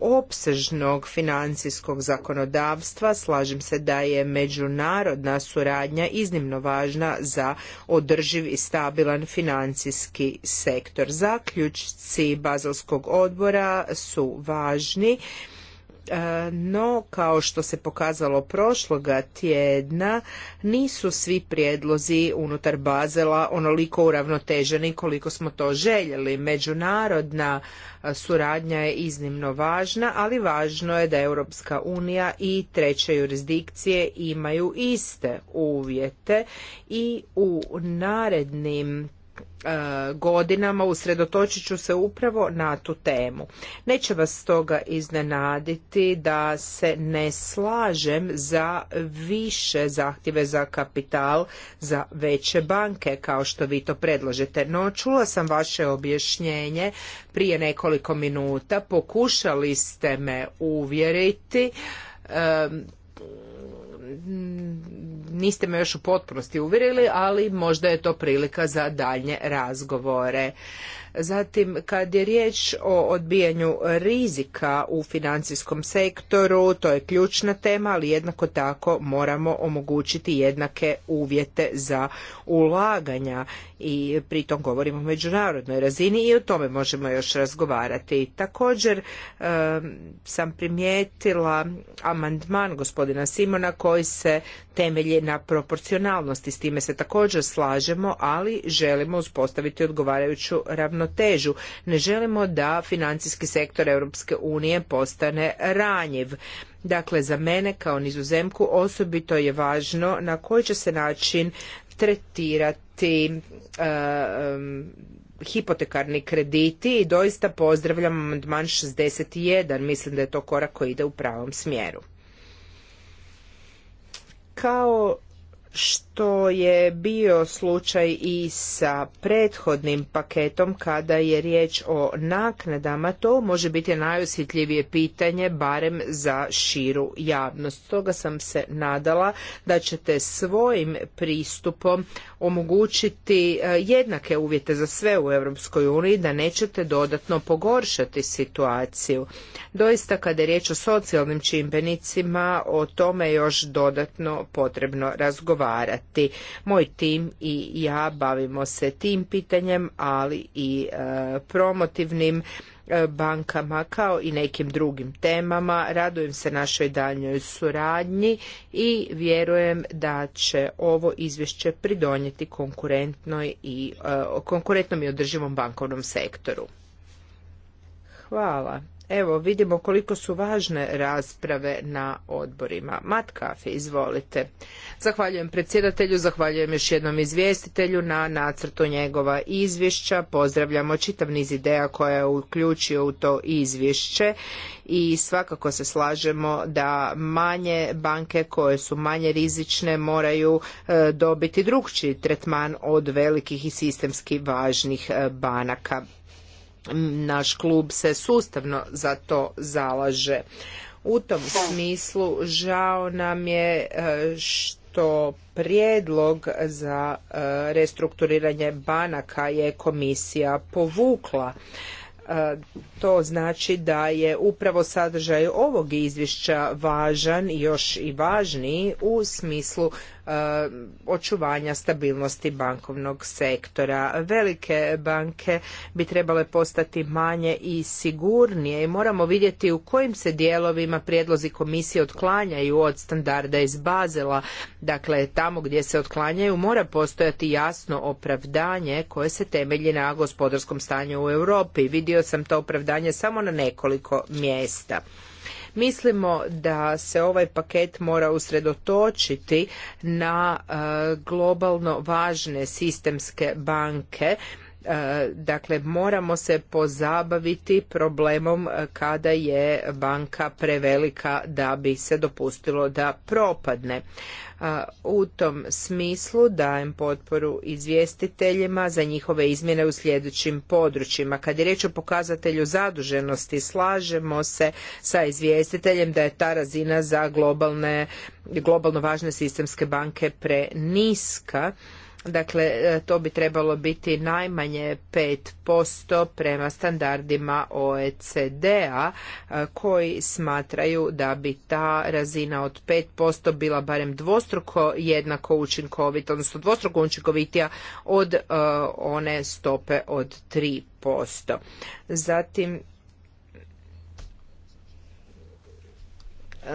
opsežnog financijskog zakonodavstva. Slažem se da je međunarodna suradnja iznimno važna za održiv i stabilan financijski sektor. Zaključci Bazelskog odbora su važni E, no, kao što se pokazalo prošloga tjedna, nisu svi prijedlozi unutar Bazela onoliko uravnoteženi koliko smo to željeli. Međunarodna e, suradnja je iznimno važna, ali važno je da Europska unija i treće jurisdikcije imaju iste uvjete i u narednim E, godinama usredotočit ću se upravo na tu temu. Neće vas stoga iznenaditi da se ne slažem za više zahtjeve za kapital za veće banke kao što vi to predložite. No, čula sam vaše objašnjenje prije nekoliko minuta. Pokušali ste me uvjeriti e, niste me još u potpunosti uvjerili, ali možda je to prilika za daljnje razgovore. Zatim, kad je riječ o odbijanju rizika u financijskom sektoru, to je ključna tema, ali jednako tako moramo omogućiti jednake uvjete za ulaganja i pritom govorimo o međunarodnoj razini i o tome možemo još razgovarati. Također sam primijetila amandman gospodina Simona koji se temelji na proporcionalnosti. S time se također slažemo, ali želimo uspostaviti odgovarajuću ravnotežu ravnotežu. Ne želimo da financijski sektor Europske unije postane ranjiv. Dakle, za mene kao nizozemku osobito je važno na koji će se način tretirati e, hipotekarni krediti i doista pozdravljam amandman 61. Mislim da je to korak koji ide u pravom smjeru. Kao što je bio slučaj i sa prethodnim paketom kada je riječ o naknadama, to može biti najosjetljivije pitanje barem za širu javnost. Stoga sam se nadala da ćete svojim pristupom omogućiti e, jednake uvjete za sve u Europskoj uniji, da nećete dodatno pogoršati situaciju. Doista kada je riječ o socijalnim čimbenicima, o tome još dodatno potrebno razgovarati razgovarati. Moj tim i ja bavimo se tim pitanjem, ali i e, promotivnim e, bankama kao i nekim drugim temama. Radujem se našoj daljnjoj suradnji i vjerujem da će ovo izvješće pridonijeti konkurentnoj i e, konkurentnom i održivom bankovnom sektoru. Hvala. Evo, vidimo koliko su važne rasprave na odborima. Matkafe, izvolite. Zahvaljujem predsjedatelju, zahvaljujem još jednom izvjestitelju na nacrtu njegova izvješća. Pozdravljamo čitav niz ideja koja je uključio u to izvješće i svakako se slažemo da manje banke koje su manje rizične moraju e, dobiti drugčiji tretman od velikih i sistemski važnih e, banaka naš klub se sustavno za to zalaže. U tom smislu žao nam je e, što prijedlog za e, restrukturiranje banaka je komisija povukla. E, to znači da je upravo sadržaj ovog izvješća važan još i važniji u smislu E, očuvanja stabilnosti bankovnog sektora. Velike banke bi trebale postati manje i sigurnije i moramo vidjeti u kojim se dijelovima prijedlozi komisije otklanjaju od standarda iz Bazela. Dakle, tamo gdje se otklanjaju mora postojati jasno opravdanje koje se temelji na gospodarskom stanju u Europi. Vidio sam to opravdanje samo na nekoliko mjesta. Mislimo da se ovaj paket mora usredotočiti na e, globalno važne sistemske banke e, dakle moramo se pozabaviti problemom e, kada je banka prevelika da bi se dopustilo da propadne u tom smislu dajem potporu izvjestiteljima za njihove izmjene u sljedećim područjima. Kad je reč o pokazatelju zaduženosti, slažemo se sa izvjestiteljem da je ta razina za globalne, globalno važne sistemske banke preniska Dakle, e, to bi trebalo biti najmanje 5% prema standardima OECD-a e, koji smatraju da bi ta razina od 5% bila barem dvostruko jednako učinkovita, odnosno dvostruko učinkovitija od e, one stope od 3%. Zatim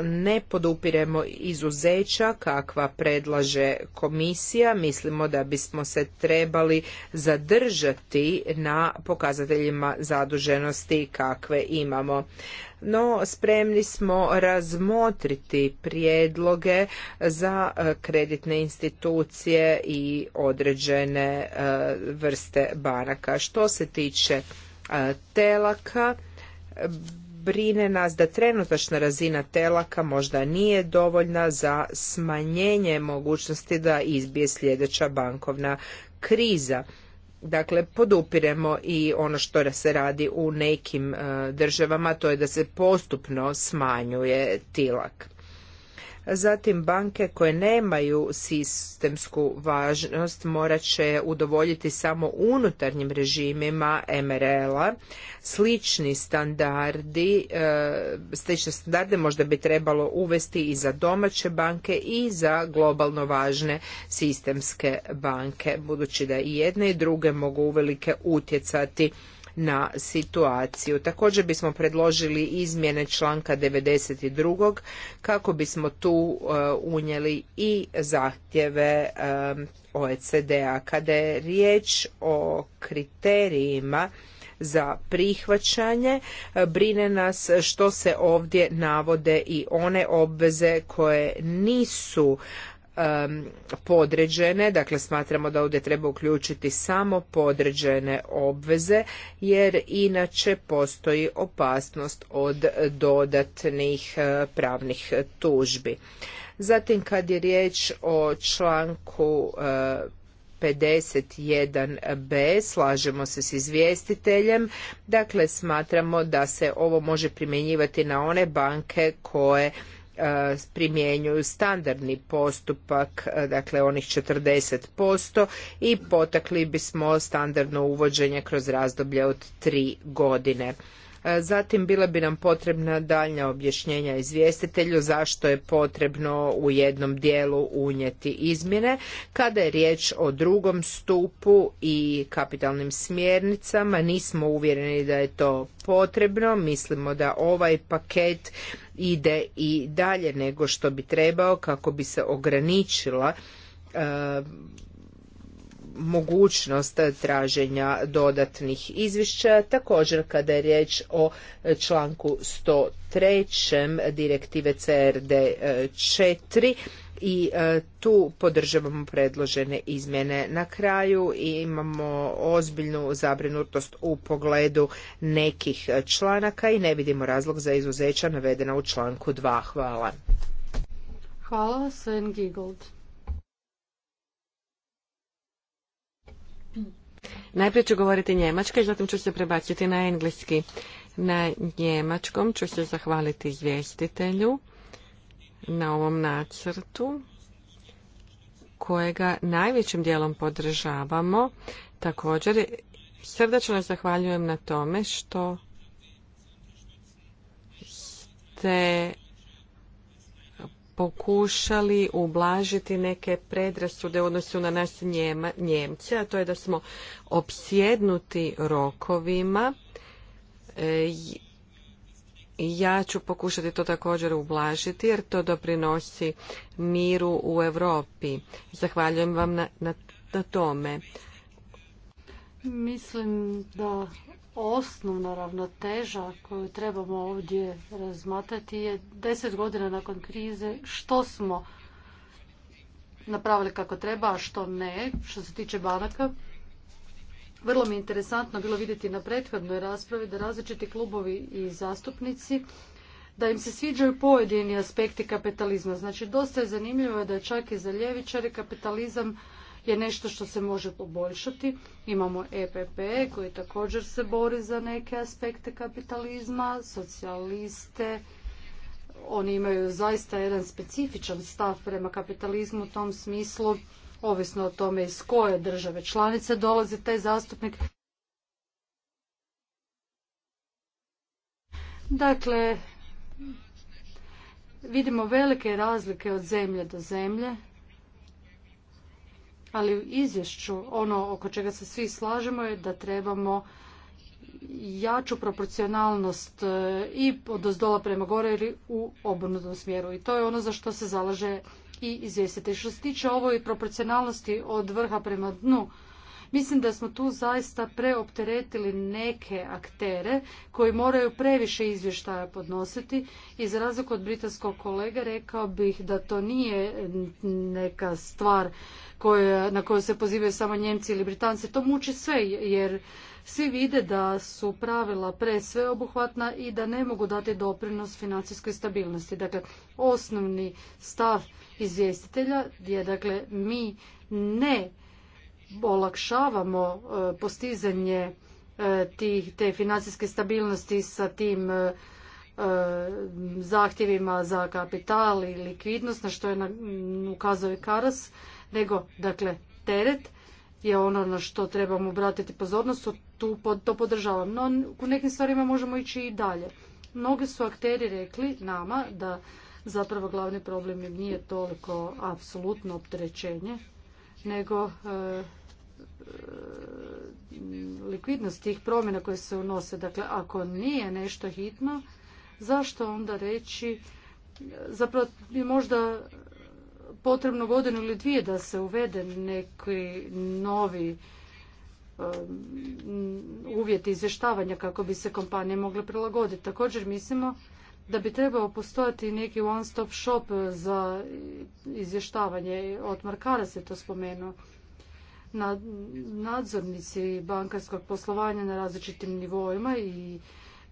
ne podupiremo izuzeća kakva predlaže komisija. Mislimo da bismo se trebali zadržati na pokazateljima zaduženosti kakve imamo. No, spremni smo razmotriti prijedloge za e, kreditne institucije i određene e, vrste banaka. Što se tiče e, telaka, brine nas da trenutačna razina telaka možda nije dovoljna za smanjenje mogućnosti da izbije sljedeća bankovna kriza. Dakle, podupiremo i ono što se radi u nekim e, državama, to je da se postupno smanjuje tilak. Zatim banke koje nemaju sistemsku važnost morat će udovoljiti samo unutarnjim režimima MRL-a. Slični standardi, e, slične standarde možda bi trebalo uvesti i za domaće banke i za globalno važne sistemske banke, budući da i jedne i druge mogu uvelike utjecati na situaciju. Također bismo predložili izmjene članka 92. kako bismo tu e, unijeli i zahtjeve e, OECD-a. Kada je riječ o kriterijima za prihvaćanje. E, brine nas što se ovdje navode i one obveze koje nisu podređene, dakle smatramo da ovdje treba uključiti samo podređene obveze jer inače postoji opasnost od dodatnih eh, pravnih tužbi. Zatim kad je riječ o članku 51b eh, slažemo se s izvjestiteljem dakle smatramo da se ovo može primjenjivati na one banke koje E, primjenjuju standardni postupak, e, dakle onih 40% i potakli bismo standardno uvođenje kroz razdoblje od tri godine. E, zatim bila bi nam potrebna daljnja objašnjenja izvjestitelju zašto je potrebno u jednom dijelu unijeti izmjene. Kada je riječ o drugom stupu i kapitalnim smjernicama, nismo uvjereni da je to potrebno. Mislimo da ovaj paket ide i dalje nego što bi trebao kako bi se ograničila e, mogućnost traženja dodatnih izvješća. Također kada je riječ o članku 103. direktive CRD 4 i e, tu podržavamo predložene izmjene. Na kraju i imamo ozbiljnu zabrinutost u pogledu nekih članaka i ne vidimo razlog za izuzeća navedena u članku 2. Hvala. Hvala, Sven Najprije ću govoriti njemački, zatim ću se prebaciti na engleski. Na njemačkom ću se zahvaliti izvjestitelju na ovom nacrtu kojega najvećim dijelom podržavamo. Također srdačno zahvaljujem na tome što ste pokušali ublažiti neke predrasude u odnosu na nas Njema, Njemce, a to je da smo opsjednuti rokovima. E, ja ću pokušati to također ublažiti jer to doprinosi miru u Europi. Zahvaljujem vam na, na tome. Mislim da osnovna ravnoteža koju trebamo ovdje razmatrati je deset godina nakon krize što smo napravili kako treba, a što ne, što se tiče banaka. Vrlo mi je interesantno bilo vidjeti na prethodnoj raspravi da različiti klubovi i zastupnici da im se sviđaju pojedini aspekti kapitalizma. Znači, dosta je zanimljivo da čak i za ljevičari kapitalizam je nešto što se može poboljšati. Imamo EPP koji također se bori za neke aspekte kapitalizma, socijaliste, oni imaju zaista jedan specifičan stav prema kapitalizmu u tom smislu, ovisno o tome iz koje države članice dolazi taj zastupnik. Dakle, vidimo velike razlike od zemlje do zemlje ali u izvješću ono oko čega se svi slažemo je da trebamo jaču proporcionalnost e, i od prema gore ili u obrnutom smjeru. I to je ono za što se zalaže i izvjestitelj. Što se tiče ovoj proporcionalnosti od vrha prema dnu, Mislim da smo tu zaista preopteretili neke aktere koji moraju previše izvještaja podnositi. I za razliku od britanskog kolega rekao bih da to nije neka stvar na koju se pozivaju samo Njemci ili Britanci. To muči sve jer svi vide da su pravila pre obuhvatna i da ne mogu dati doprinos financijskoj stabilnosti. Dakle, osnovni stav izvjestitelja je dakle mi ne olakšavamo e, postizanje e, te financijske stabilnosti sa tim e, zahtjevima za kapital i likvidnost na što je ukazao i Karas, nego dakle teret je ono na što trebamo obratiti pozornost, tu to podržavam. No u nekim stvarima možemo ići i dalje. Mnogi su akteri rekli nama da zapravo glavni problem nije toliko apsolutno opterećenje, nego E, likvidnost tih promjena koje se unose. Dakle, ako nije nešto hitno, zašto onda reći, e, zapravo je možda potrebno godinu ili dvije da se uvede neki novi e, uvjeti izvještavanja kako bi se kompanije mogle prilagoditi. Također mislimo da bi trebao postojati neki one stop shop za izvještavanje. Otmar Karas se to spomenuo nadzornici bankarskog poslovanja na različitim nivoima i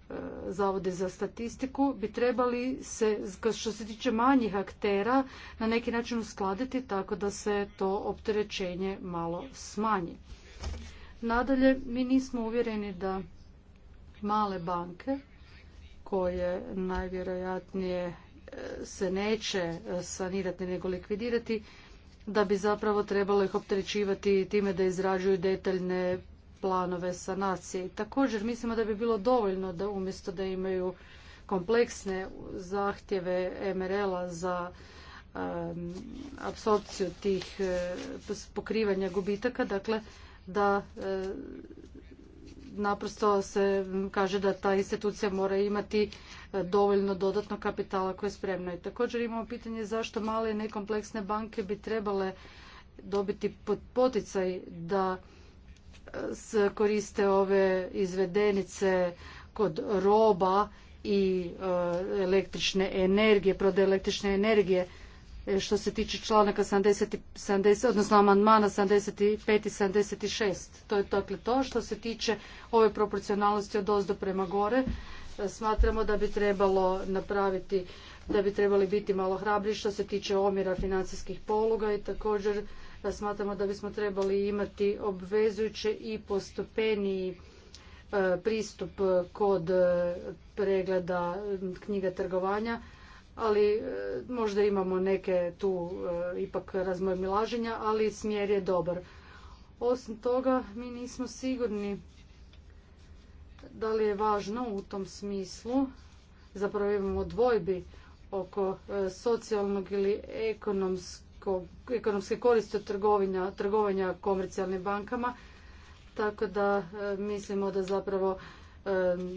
e, Zavodi za statistiku bi trebali se, što se tiče manjih aktera, na neki način uskladiti tako da se to opterećenje malo smanji. Nadalje, mi nismo uvjereni da male banke, koje najvjerojatnije e, se neće e, sanirati nego likvidirati, da bi zapravo trebalo ih opterećivati time da izrađuju detaljne planove sanacije. Također mislimo da bi bilo dovoljno da umjesto da imaju kompleksne zahtjeve MRL-a za apsorpciju tih eh, pokrivanja gubitaka, dakle da eh, naprosto se kaže da ta institucija mora imati e, dovoljno dodatnog kapitala koje je spremno. I također imamo pitanje zašto male i nekompleksne banke bi trebale dobiti poticaj da e, koriste ove izvedenice kod roba i e, električne energije, prode električne energije što se tiče članaka 70, odnosno amandmana 75 i 76. To je dakle to što se tiče ove proporcionalnosti od ozdo prema gore. E, smatramo da bi trebalo napraviti, da bi trebali biti malo hrabri što se tiče omjera financijskih poluga i također da e, smatramo da bismo trebali imati obvezujuće i postupeniji e, pristup kod pregleda knjiga trgovanja ali e, možda imamo neke tu e, ipak razmojmilaženja, ali smjer je dobar. Osim toga, mi nismo sigurni da li je važno u tom smislu, zapravo imamo dvojbi oko e, socijalnog ili ekonomske koriste trgovanja, trgovanja komercijalnim bankama, tako da mislimo da zapravo E,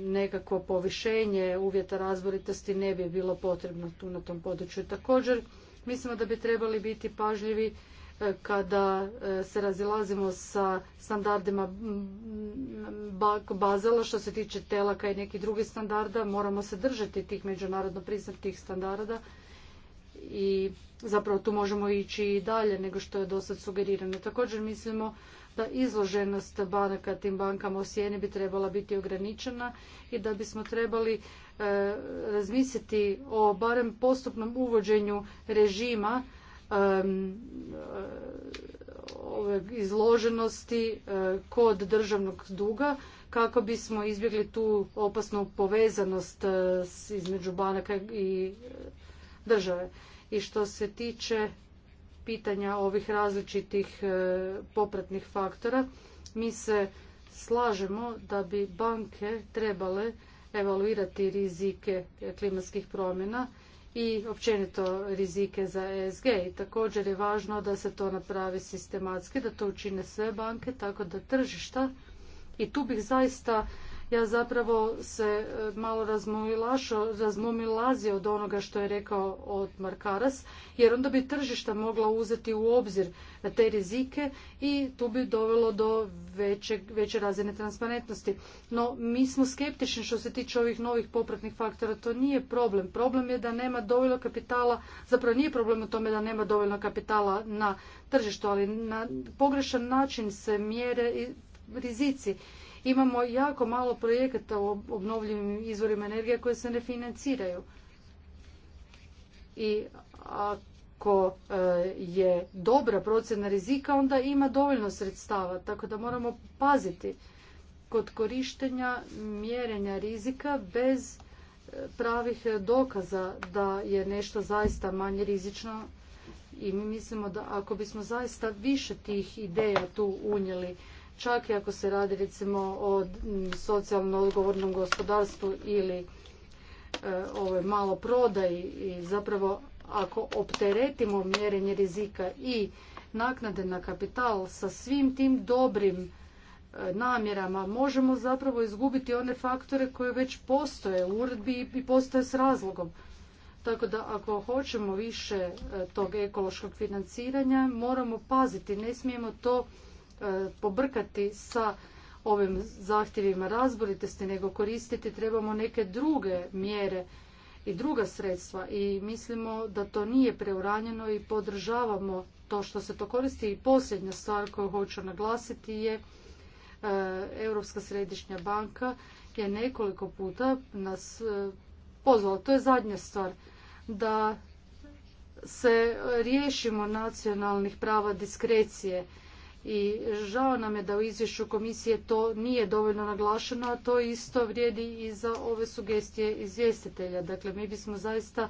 nekako povišenje uvjeta razboritosti ne bi bilo potrebno tu na tom području. Također, mislimo da bi trebali biti pažljivi e, kada e, se razilazimo sa standardima bazala što se tiče telaka i nekih drugih standarda, moramo se držati tih međunarodno priznatih standarda i zapravo tu možemo ići i dalje nego što je do sad sugerirano. Također mislimo da izloženost banaka tim bankama u sjeni bi trebala biti ograničena i da bismo trebali e, razmisliti o barem postupnom uvođenju režima e, izloženosti e, kod državnog duga kako bismo izbjegli tu opasnu povezanost između banaka i države. I što se tiče pitanja ovih različitih e, popratnih faktora. Mi se slažemo da bi banke trebale evaluirati rizike klimatskih promjena i općenito rizike za ESG. također je važno da se to napravi sistematski, da to učine sve banke, tako da tržišta i tu bih zaista ja zapravo se e, malo razmumilazio od onoga što je rekao od Markaras, jer onda bi tržišta mogla uzeti u obzir te rizike i tu bi dovelo do veće, razine transparentnosti. No, mi smo skeptični što se tiče ovih novih popratnih faktora. To nije problem. Problem je da nema dovoljno kapitala, zapravo nije problem u tome da nema dovoljno kapitala na tržištu, ali na pogrešan način se mjere i rizici Imamo jako malo projekata u obnovljivim izvorima energije koje se ne financiraju. I ako e, je dobra procjena rizika, onda ima dovoljno sredstava, tako da moramo paziti kod korištenja mjerenja rizika bez e, pravih dokaza da je nešto zaista manje rizično i mi mislimo da ako bismo zaista više tih ideja tu unijeli čak i ako se radi recimo o mm, socijalno odgovornom gospodarstvu ili e, ovoj malo prodaji i zapravo ako opteretimo mjerenje rizika i naknade na kapital sa svim tim dobrim e, namjerama možemo zapravo izgubiti one faktore koje već postoje u uredbi i postoje s razlogom. Tako da ako hoćemo više e, tog ekološkog financiranja moramo paziti, ne smijemo to E, pobrkati sa ovim zahtjevima razboritosti, nego koristiti trebamo neke druge mjere i druga sredstva i mislimo da to nije preuranjeno i podržavamo to što se to koristi. I posljednja stvar koju hoću naglasiti je e, Europska središnja banka je nekoliko puta nas e, pozvala, to je zadnja stvar, da se riješimo nacionalnih prava diskrecije i žao nam je da u izvješću komisije to nije dovoljno naglašeno, a to isto vrijedi i za ove sugestije izvjestitelja. Dakle, mi bismo zaista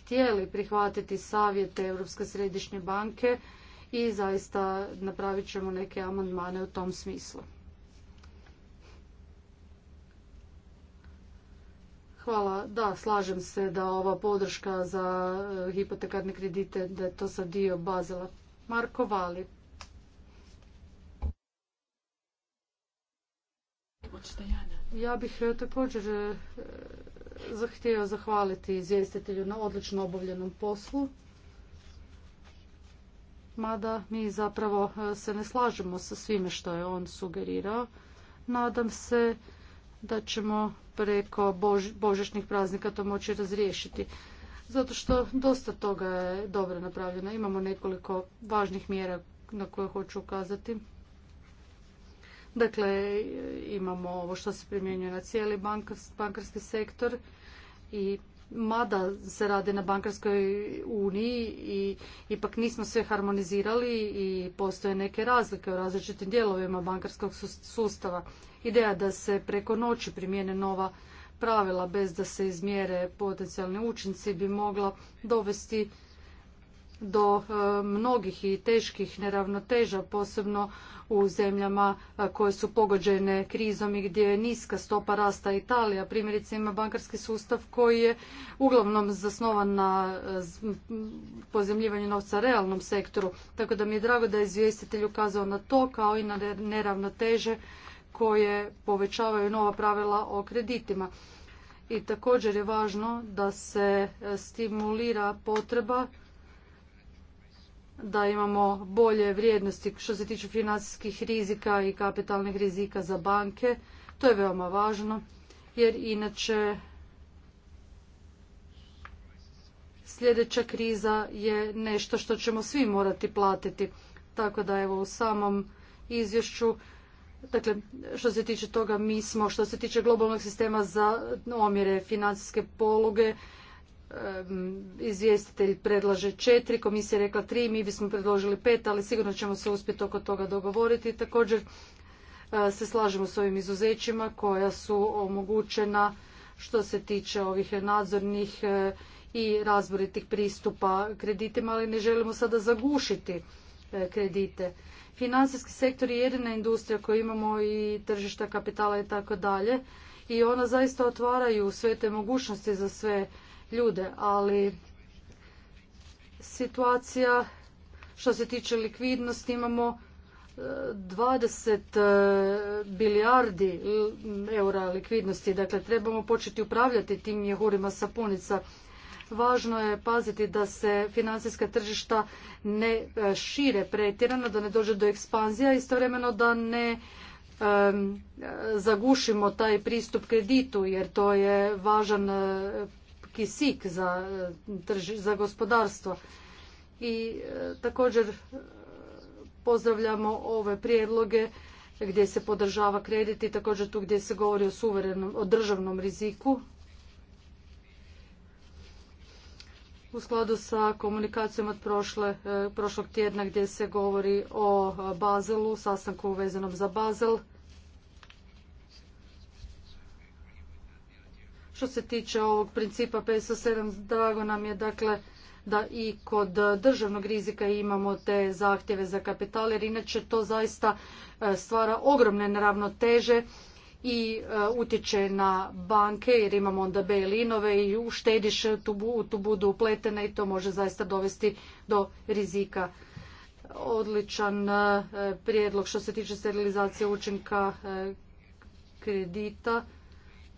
htjeli prihvatiti savjete Europske središnje banke i zaista napravit ćemo neke amandmane u tom smislu. Hvala. Da, slažem se da ova podrška za e, hipotekarne kredite, da je to sad dio Bazela. Marko Vali. Ja bih e, također e, zahtio zahvaliti izvjestitelju na odlično obavljenom poslu. Mada mi zapravo e, se ne slažemo sa svime što je on sugerirao. Nadam se da ćemo preko božešnjih praznika to moći razriješiti. Zato što dosta toga je dobro napravljeno. Imamo nekoliko važnih mjera na koje hoću ukazati. Dakle, imamo ovo što se primjenjuje na cijeli bankarski sektor i mada se radi na bankarskoj uniji i ipak nismo sve harmonizirali i postoje neke razlike u različitim dijelovima bankarskog sustava. Ideja da se preko noći primijene nova pravila bez da se izmjere potencijalni učinci bi mogla dovesti do eh, mnogih i teških neravnoteža, posebno u zemljama eh, koje su pogođene krizom i gdje je niska stopa rasta Italija. Primjerice ima bankarski sustav koji je uglavnom zasnovan na eh, pozemljivanju novca realnom sektoru. Tako da mi je drago da je izvjestitelj ukazao na to kao i na neravnoteže koje povećavaju nova pravila o kreditima. I također je važno da se stimulira potreba da imamo bolje vrijednosti što se tiče financijskih rizika i kapitalnih rizika za banke. To je veoma važno jer inače sljedeća kriza je nešto što ćemo svi morati platiti. Tako da evo u samom izvješću Dakle, što se tiče toga, mi smo, što se tiče globalnog sistema za omjere financijske poluge, izvjestitelj predlaže četiri, komisija je rekla tri, mi bismo predložili pet, ali sigurno ćemo se uspjeti oko toga dogovoriti. Također e, se slažemo s ovim izuzećima koja su omogućena što se tiče ovih nadzornih e, i razboritih pristupa kreditima, ali ne želimo sada zagušiti e, kredite. Financijski sektor je jedina industrija koju imamo i tržišta kapitala i tako dalje i ona zaista otvaraju sve te mogućnosti za sve ljude, ali situacija što se tiče likvidnosti imamo 20 eh, eh, bilijardi eh, eura likvidnosti, dakle trebamo početi upravljati tim jehurima sapunica. Važno je paziti da se financijska tržišta ne šire pretjerano, da ne dođe do ekspanzija, istovremeno da ne ehm, zagušimo taj pristup kreditu jer to je važan kisik e, za, gospodarstvo. I e, također e, pozdravljamo ove prijedloge gdje se podržava kredit i također tu gdje se govori o suverenom, o državnom riziku. U skladu sa komunikacijom od prošle, prošlog tjedna gdje se govori o Bazelu, sastanku vezanom za Bazel Što se tiče ovog principa 507, drago nam je dakle da i kod državnog rizika imamo te zahtjeve za kapital, jer inače to zaista e, stvara ogromne neravnoteže i e, utječe na banke jer imamo onda bailinove i štediš tu, tu budu upletene i to može zaista dovesti do rizika. Odličan e, prijedlog što se tiče sterilizacije učinka kredita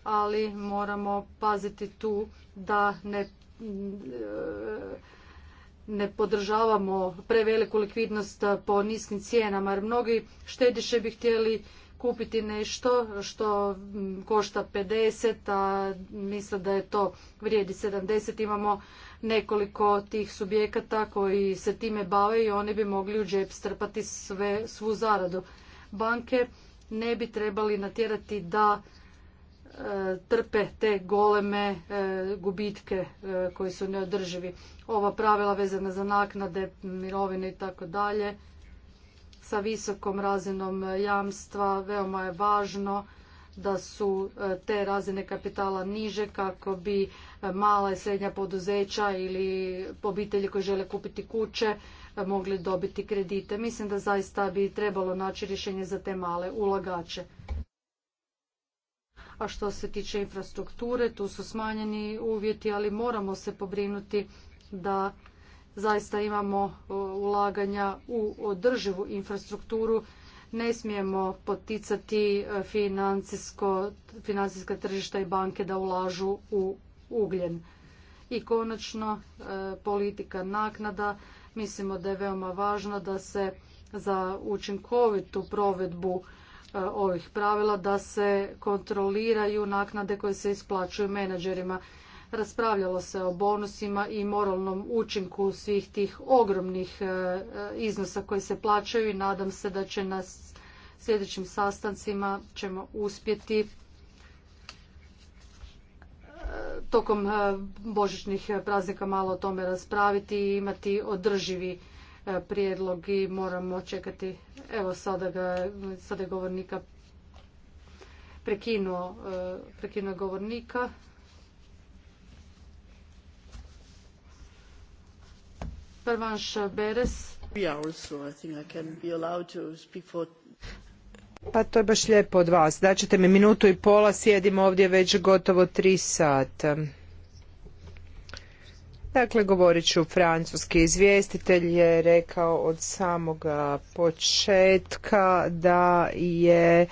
ali moramo paziti tu da mm, ne podržavamo preveliku likvidnost po niskim cijenama jer mnogi štediše bi htjeli kupiti nešto što mm, košta 50, a misle da je to vrijedi 70. Imamo nekoliko tih subjekata koji se time bave i oni bi mogli u džep strpati sve, svu zaradu. Banke ne bi trebali natjerati da trpe te goleme e, gubitke e, koji su neodrživi. Ova pravila vezana za naknade, mirovine i tako dalje sa visokom razinom jamstva veoma je važno da su e, te razine kapitala niže kako bi mala i srednja poduzeća ili obitelji koji žele kupiti kuće mogli dobiti kredite. Mislim da zaista bi trebalo naći rješenje za te male ulagače a što se tiče infrastrukture, tu su smanjeni uvjeti, ali moramo se pobrinuti da zaista imamo e, ulaganja u održivu infrastrukturu. Ne smijemo poticati e, financijska tržišta i banke da ulažu u ugljen. I konačno, e, politika naknada. Mislimo da je veoma važno da se za učinkovitu provedbu E, ovih pravila da se kontroliraju naknade koje se isplaćuju menadžerima. Raspravljalo se o bonusima i moralnom učinku svih tih ogromnih e, iznosa koji se plaćaju i nadam se da će na sljedećim sastancima ćemo uspjeti e, tokom božićnih praznika malo o tome raspraviti i imati održivi prijedlog i moramo čekati. Evo sada ga, sada je govornika prekinuo, e, prekinuo govornika. Prvanš Beres. Pa to je baš lijepo od vas. Daćete mi minutu i pola, sjedim ovdje već gotovo tri sata. Dakle, govorit ću francuski izvjestitelj je rekao od samoga početka da je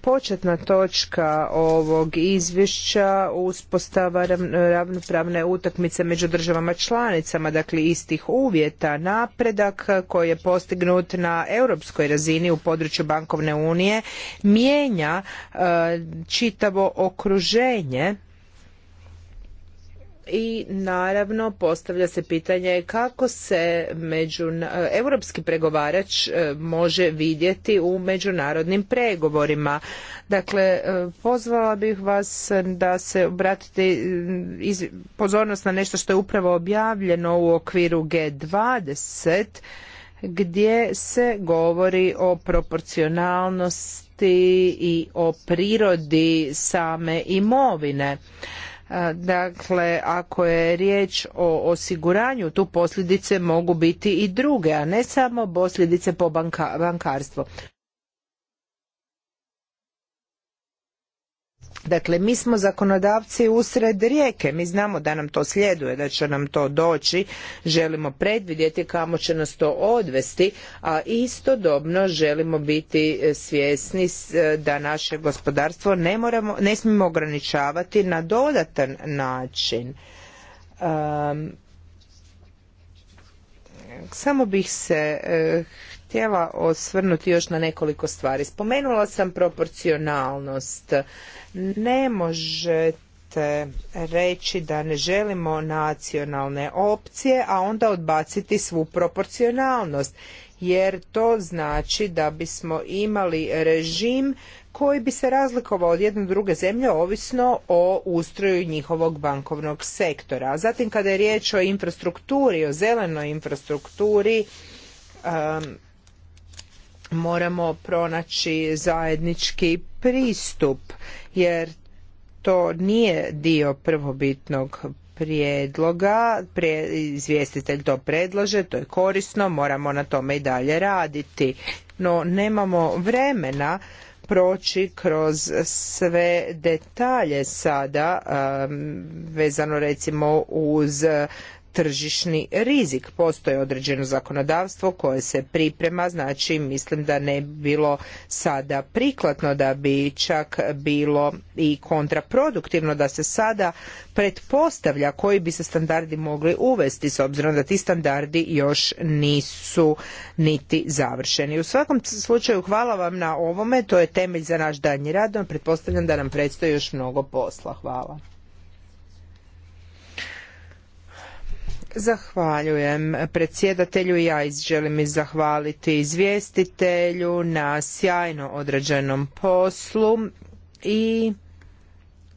početna točka ovog izvješća uspostava ravnopravne utakmice među državama članicama, dakle istih uvjeta, napredak koji je postignut na europskoj razini u području bankovne unije mijenja čitavo okruženje i naravno postavlja se pitanje kako se među, europski pregovarač e, može vidjeti u međunarodnim pregovorima. Dakle, e, pozvala bih vas da se obratite e, pozornost na nešto što je upravo objavljeno u okviru G20 gdje se govori o proporcionalnosti i o prirodi same imovine. Dakle, ako je riječ o osiguranju, tu posljedice mogu biti i druge, a ne samo posljedice po bankarstvo. Dakle, mi smo zakonodavci usred rijeke, mi znamo da nam to slijeduje, da će nam to doći, želimo predvidjeti kamo će nas to odvesti, a istodobno želimo biti e, svjesni e, da naše gospodarstvo ne, moramo, ne smijemo ograničavati na dodatan način. samo bih se e, htjela osvrnuti još na nekoliko stvari. Spomenula sam proporcionalnost. Ne možete reći da ne želimo nacionalne opcije, a onda odbaciti svu proporcionalnost jer to znači da bismo imali režim koji bi se razlikovao od jedne druge zemlje ovisno o ustroju njihovog bankovnog sektora. zatim kada je riječ o infrastrukturi, o zelenoj infrastrukturi, um, moramo pronaći zajednički pristup jer to nije dio prvobitnog prijedloga, izvjestitelj to predlaže, to je korisno, moramo na tome i dalje raditi. No nemamo vremena proći kroz sve detalje sada um, vezano recimo uz tržišni rizik. Postoje određeno zakonodavstvo koje se priprema, znači mislim da ne bi bilo sada prikladno da bi čak bilo i kontraproduktivno da se sada pretpostavlja koji bi se standardi mogli uvesti s obzirom da ti standardi još nisu niti završeni. U svakom slučaju hvala vam na ovome, to je temelj za naš daljnji rad, pretpostavljam da nam predstoji još mnogo posla. Hvala. Zahvaljujem predsjedatelju i ja želim zahvaliti izvjestitelju na sjajno određenom poslu i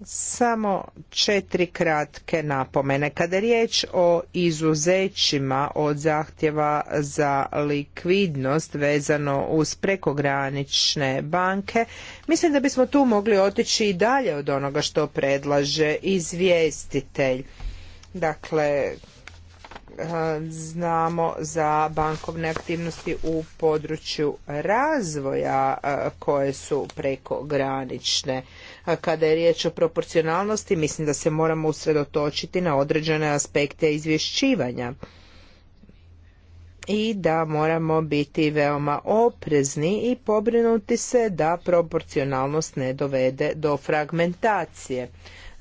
samo četiri kratke napomene. Kada je riječ o izuzećima od zahtjeva za likvidnost vezano uz prekogranične banke, mislim da bismo tu mogli otići i dalje od onoga što predlaže izvjestitelj. Dakle, E, znamo za bankovne aktivnosti u području razvoja e, koje su prekogranične. Kada je riječ o proporcionalnosti, mislim da se moramo usredotočiti na određene aspekte izvješćivanja i da moramo biti veoma oprezni i pobrinuti se da proporcionalnost ne dovede do fragmentacije.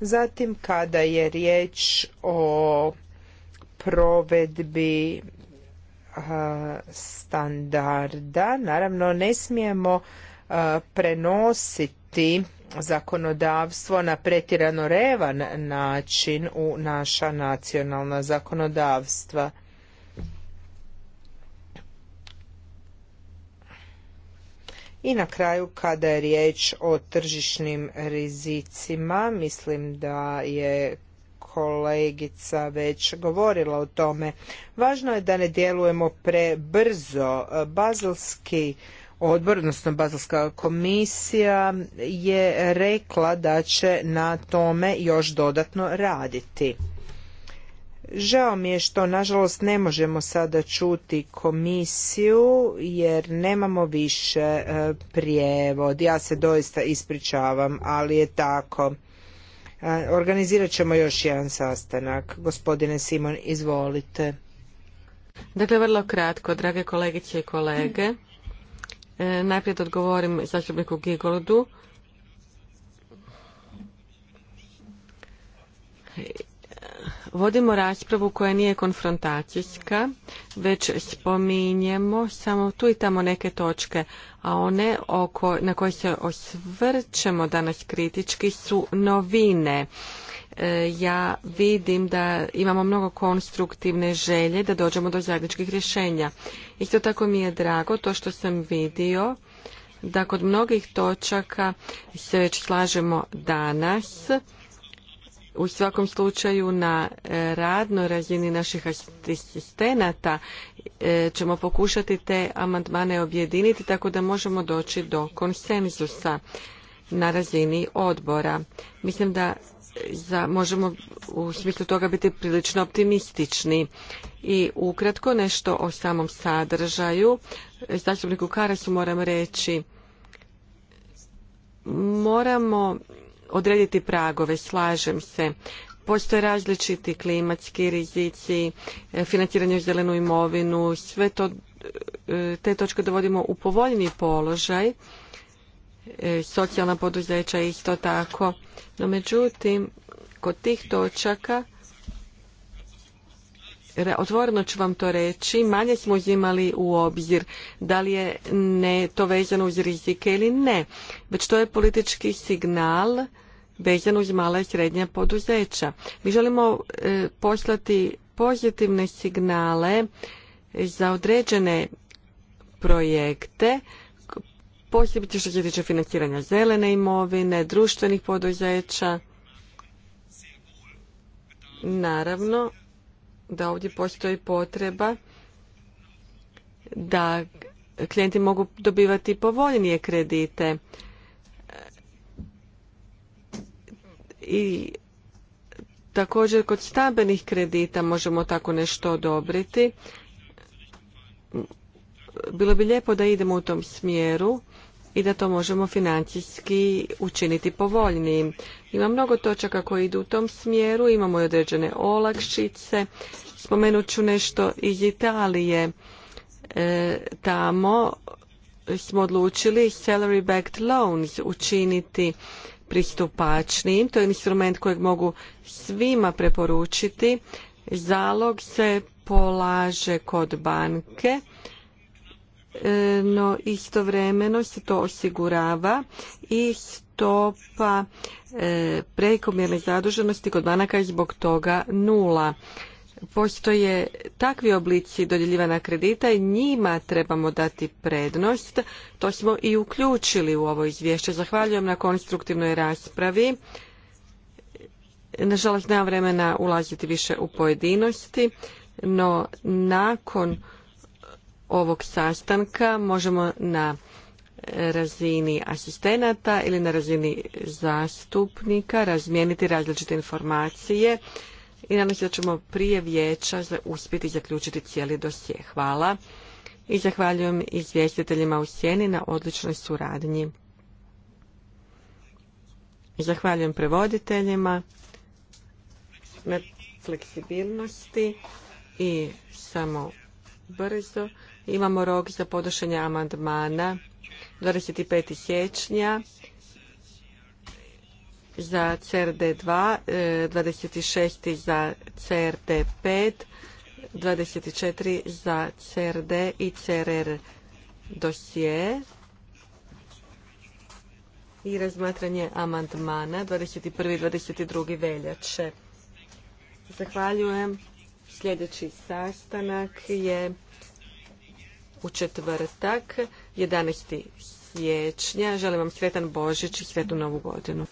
Zatim kada je riječ o provedbi standarda. Naravno, ne smijemo prenositi zakonodavstvo na pretjerano revan način u naša nacionalna zakonodavstva. I na kraju kada je riječ o tržišnim rizicima, mislim da je kolegica već govorila o tome. Važno je da ne djelujemo prebrzo. Bazelski odbor, odnosno Bazelska komisija je rekla da će na tome još dodatno raditi. Žao mi je što nažalost ne možemo sada čuti komisiju jer nemamo više e, prijevod. Ja se doista ispričavam, ali je tako. Organizirat ćemo još jedan sastanak. Gospodine Simon, izvolite. Dakle, vrlo kratko, drage kolegice i kolege. E, najprije da odgovorim zastupniku vodimo raspravu koja nije konfrontacijska, već spominjemo samo tu i tamo neke točke, a one oko, na koje se osvrćemo danas kritički su novine. E, ja vidim da imamo mnogo konstruktivne želje da dođemo do zajedničkih rješenja. Isto tako mi je drago to što sam vidio da kod mnogih točaka se već slažemo danas u svakom slučaju na e, radnoj razini naših asistenata e, ćemo pokušati te amandmane objediniti tako da možemo doći do konsenzusa na razini odbora. Mislim da za, možemo u smislu toga biti prilično optimistični. I ukratko nešto o samom sadržaju. Zastupniku Karasu moram reći moramo odrediti pragove, slažem se. Postoje različiti klimatski rizici, e, financiranje u zelenu imovinu, sve to, e, te točke dovodimo u povoljni položaj, e, socijalna poduzeća isto tako. No međutim, kod tih točaka otvoreno ću vam to reći, manje smo uzimali u obzir da li je ne to vezano uz rizike ili ne, već to je politički signal vezan uz mala i srednja poduzeća. Mi želimo e, poslati pozitivne signale za određene projekte, posebice što se tiče financiranja zelene imovine, društvenih poduzeća. Naravno, da ovdje postoji potreba da klijenti mogu dobivati povoljnije kredite. I također kod stambenih kredita možemo tako nešto odobriti. Bilo bi lijepo da idemo u tom smjeru i da to možemo financijski učiniti povoljnijim. Ima mnogo točaka koji idu u tom smjeru, imamo i određene olakšice. Spomenut ću nešto iz Italije. E, tamo smo odlučili salary backed loans učiniti pristupačnijim. To je instrument kojeg mogu svima preporučiti. Zalog se polaže kod banke, e, no istovremeno se to osigurava i stopa e, prekomjerne zaduženosti kod banaka je zbog toga nula. Postoje takvi oblici dodjeljivana kredita i njima trebamo dati prednost. To smo i uključili u ovo izvješće. Zahvaljujem na konstruktivnoj raspravi. Nažalost, nemam vremena ulaziti više u pojedinosti, no nakon ovog sastanka možemo na razini asistenata ili na razini zastupnika razmijeniti različite informacije i nadam se da ćemo prije vijeća uspjeti zaključiti cijeli dosje. Hvala i zahvaljujem izvjestiteljima u sjeni na odličnoj suradnji. Zahvaljujem prevoditeljima na fleksibilnosti i samo brzo. Imamo rok za podošenje amandmana 25. siječnja za CRD2, 26. za CRD5, 24 za CRD i CRR dosije i razmatranje amandmana 21. i 22. veljače. Zahvaljujem. Sljedeći sastanak je u četvrtak 11. siječnja. Želim vam sretan Božić i sretnu Novu godinu.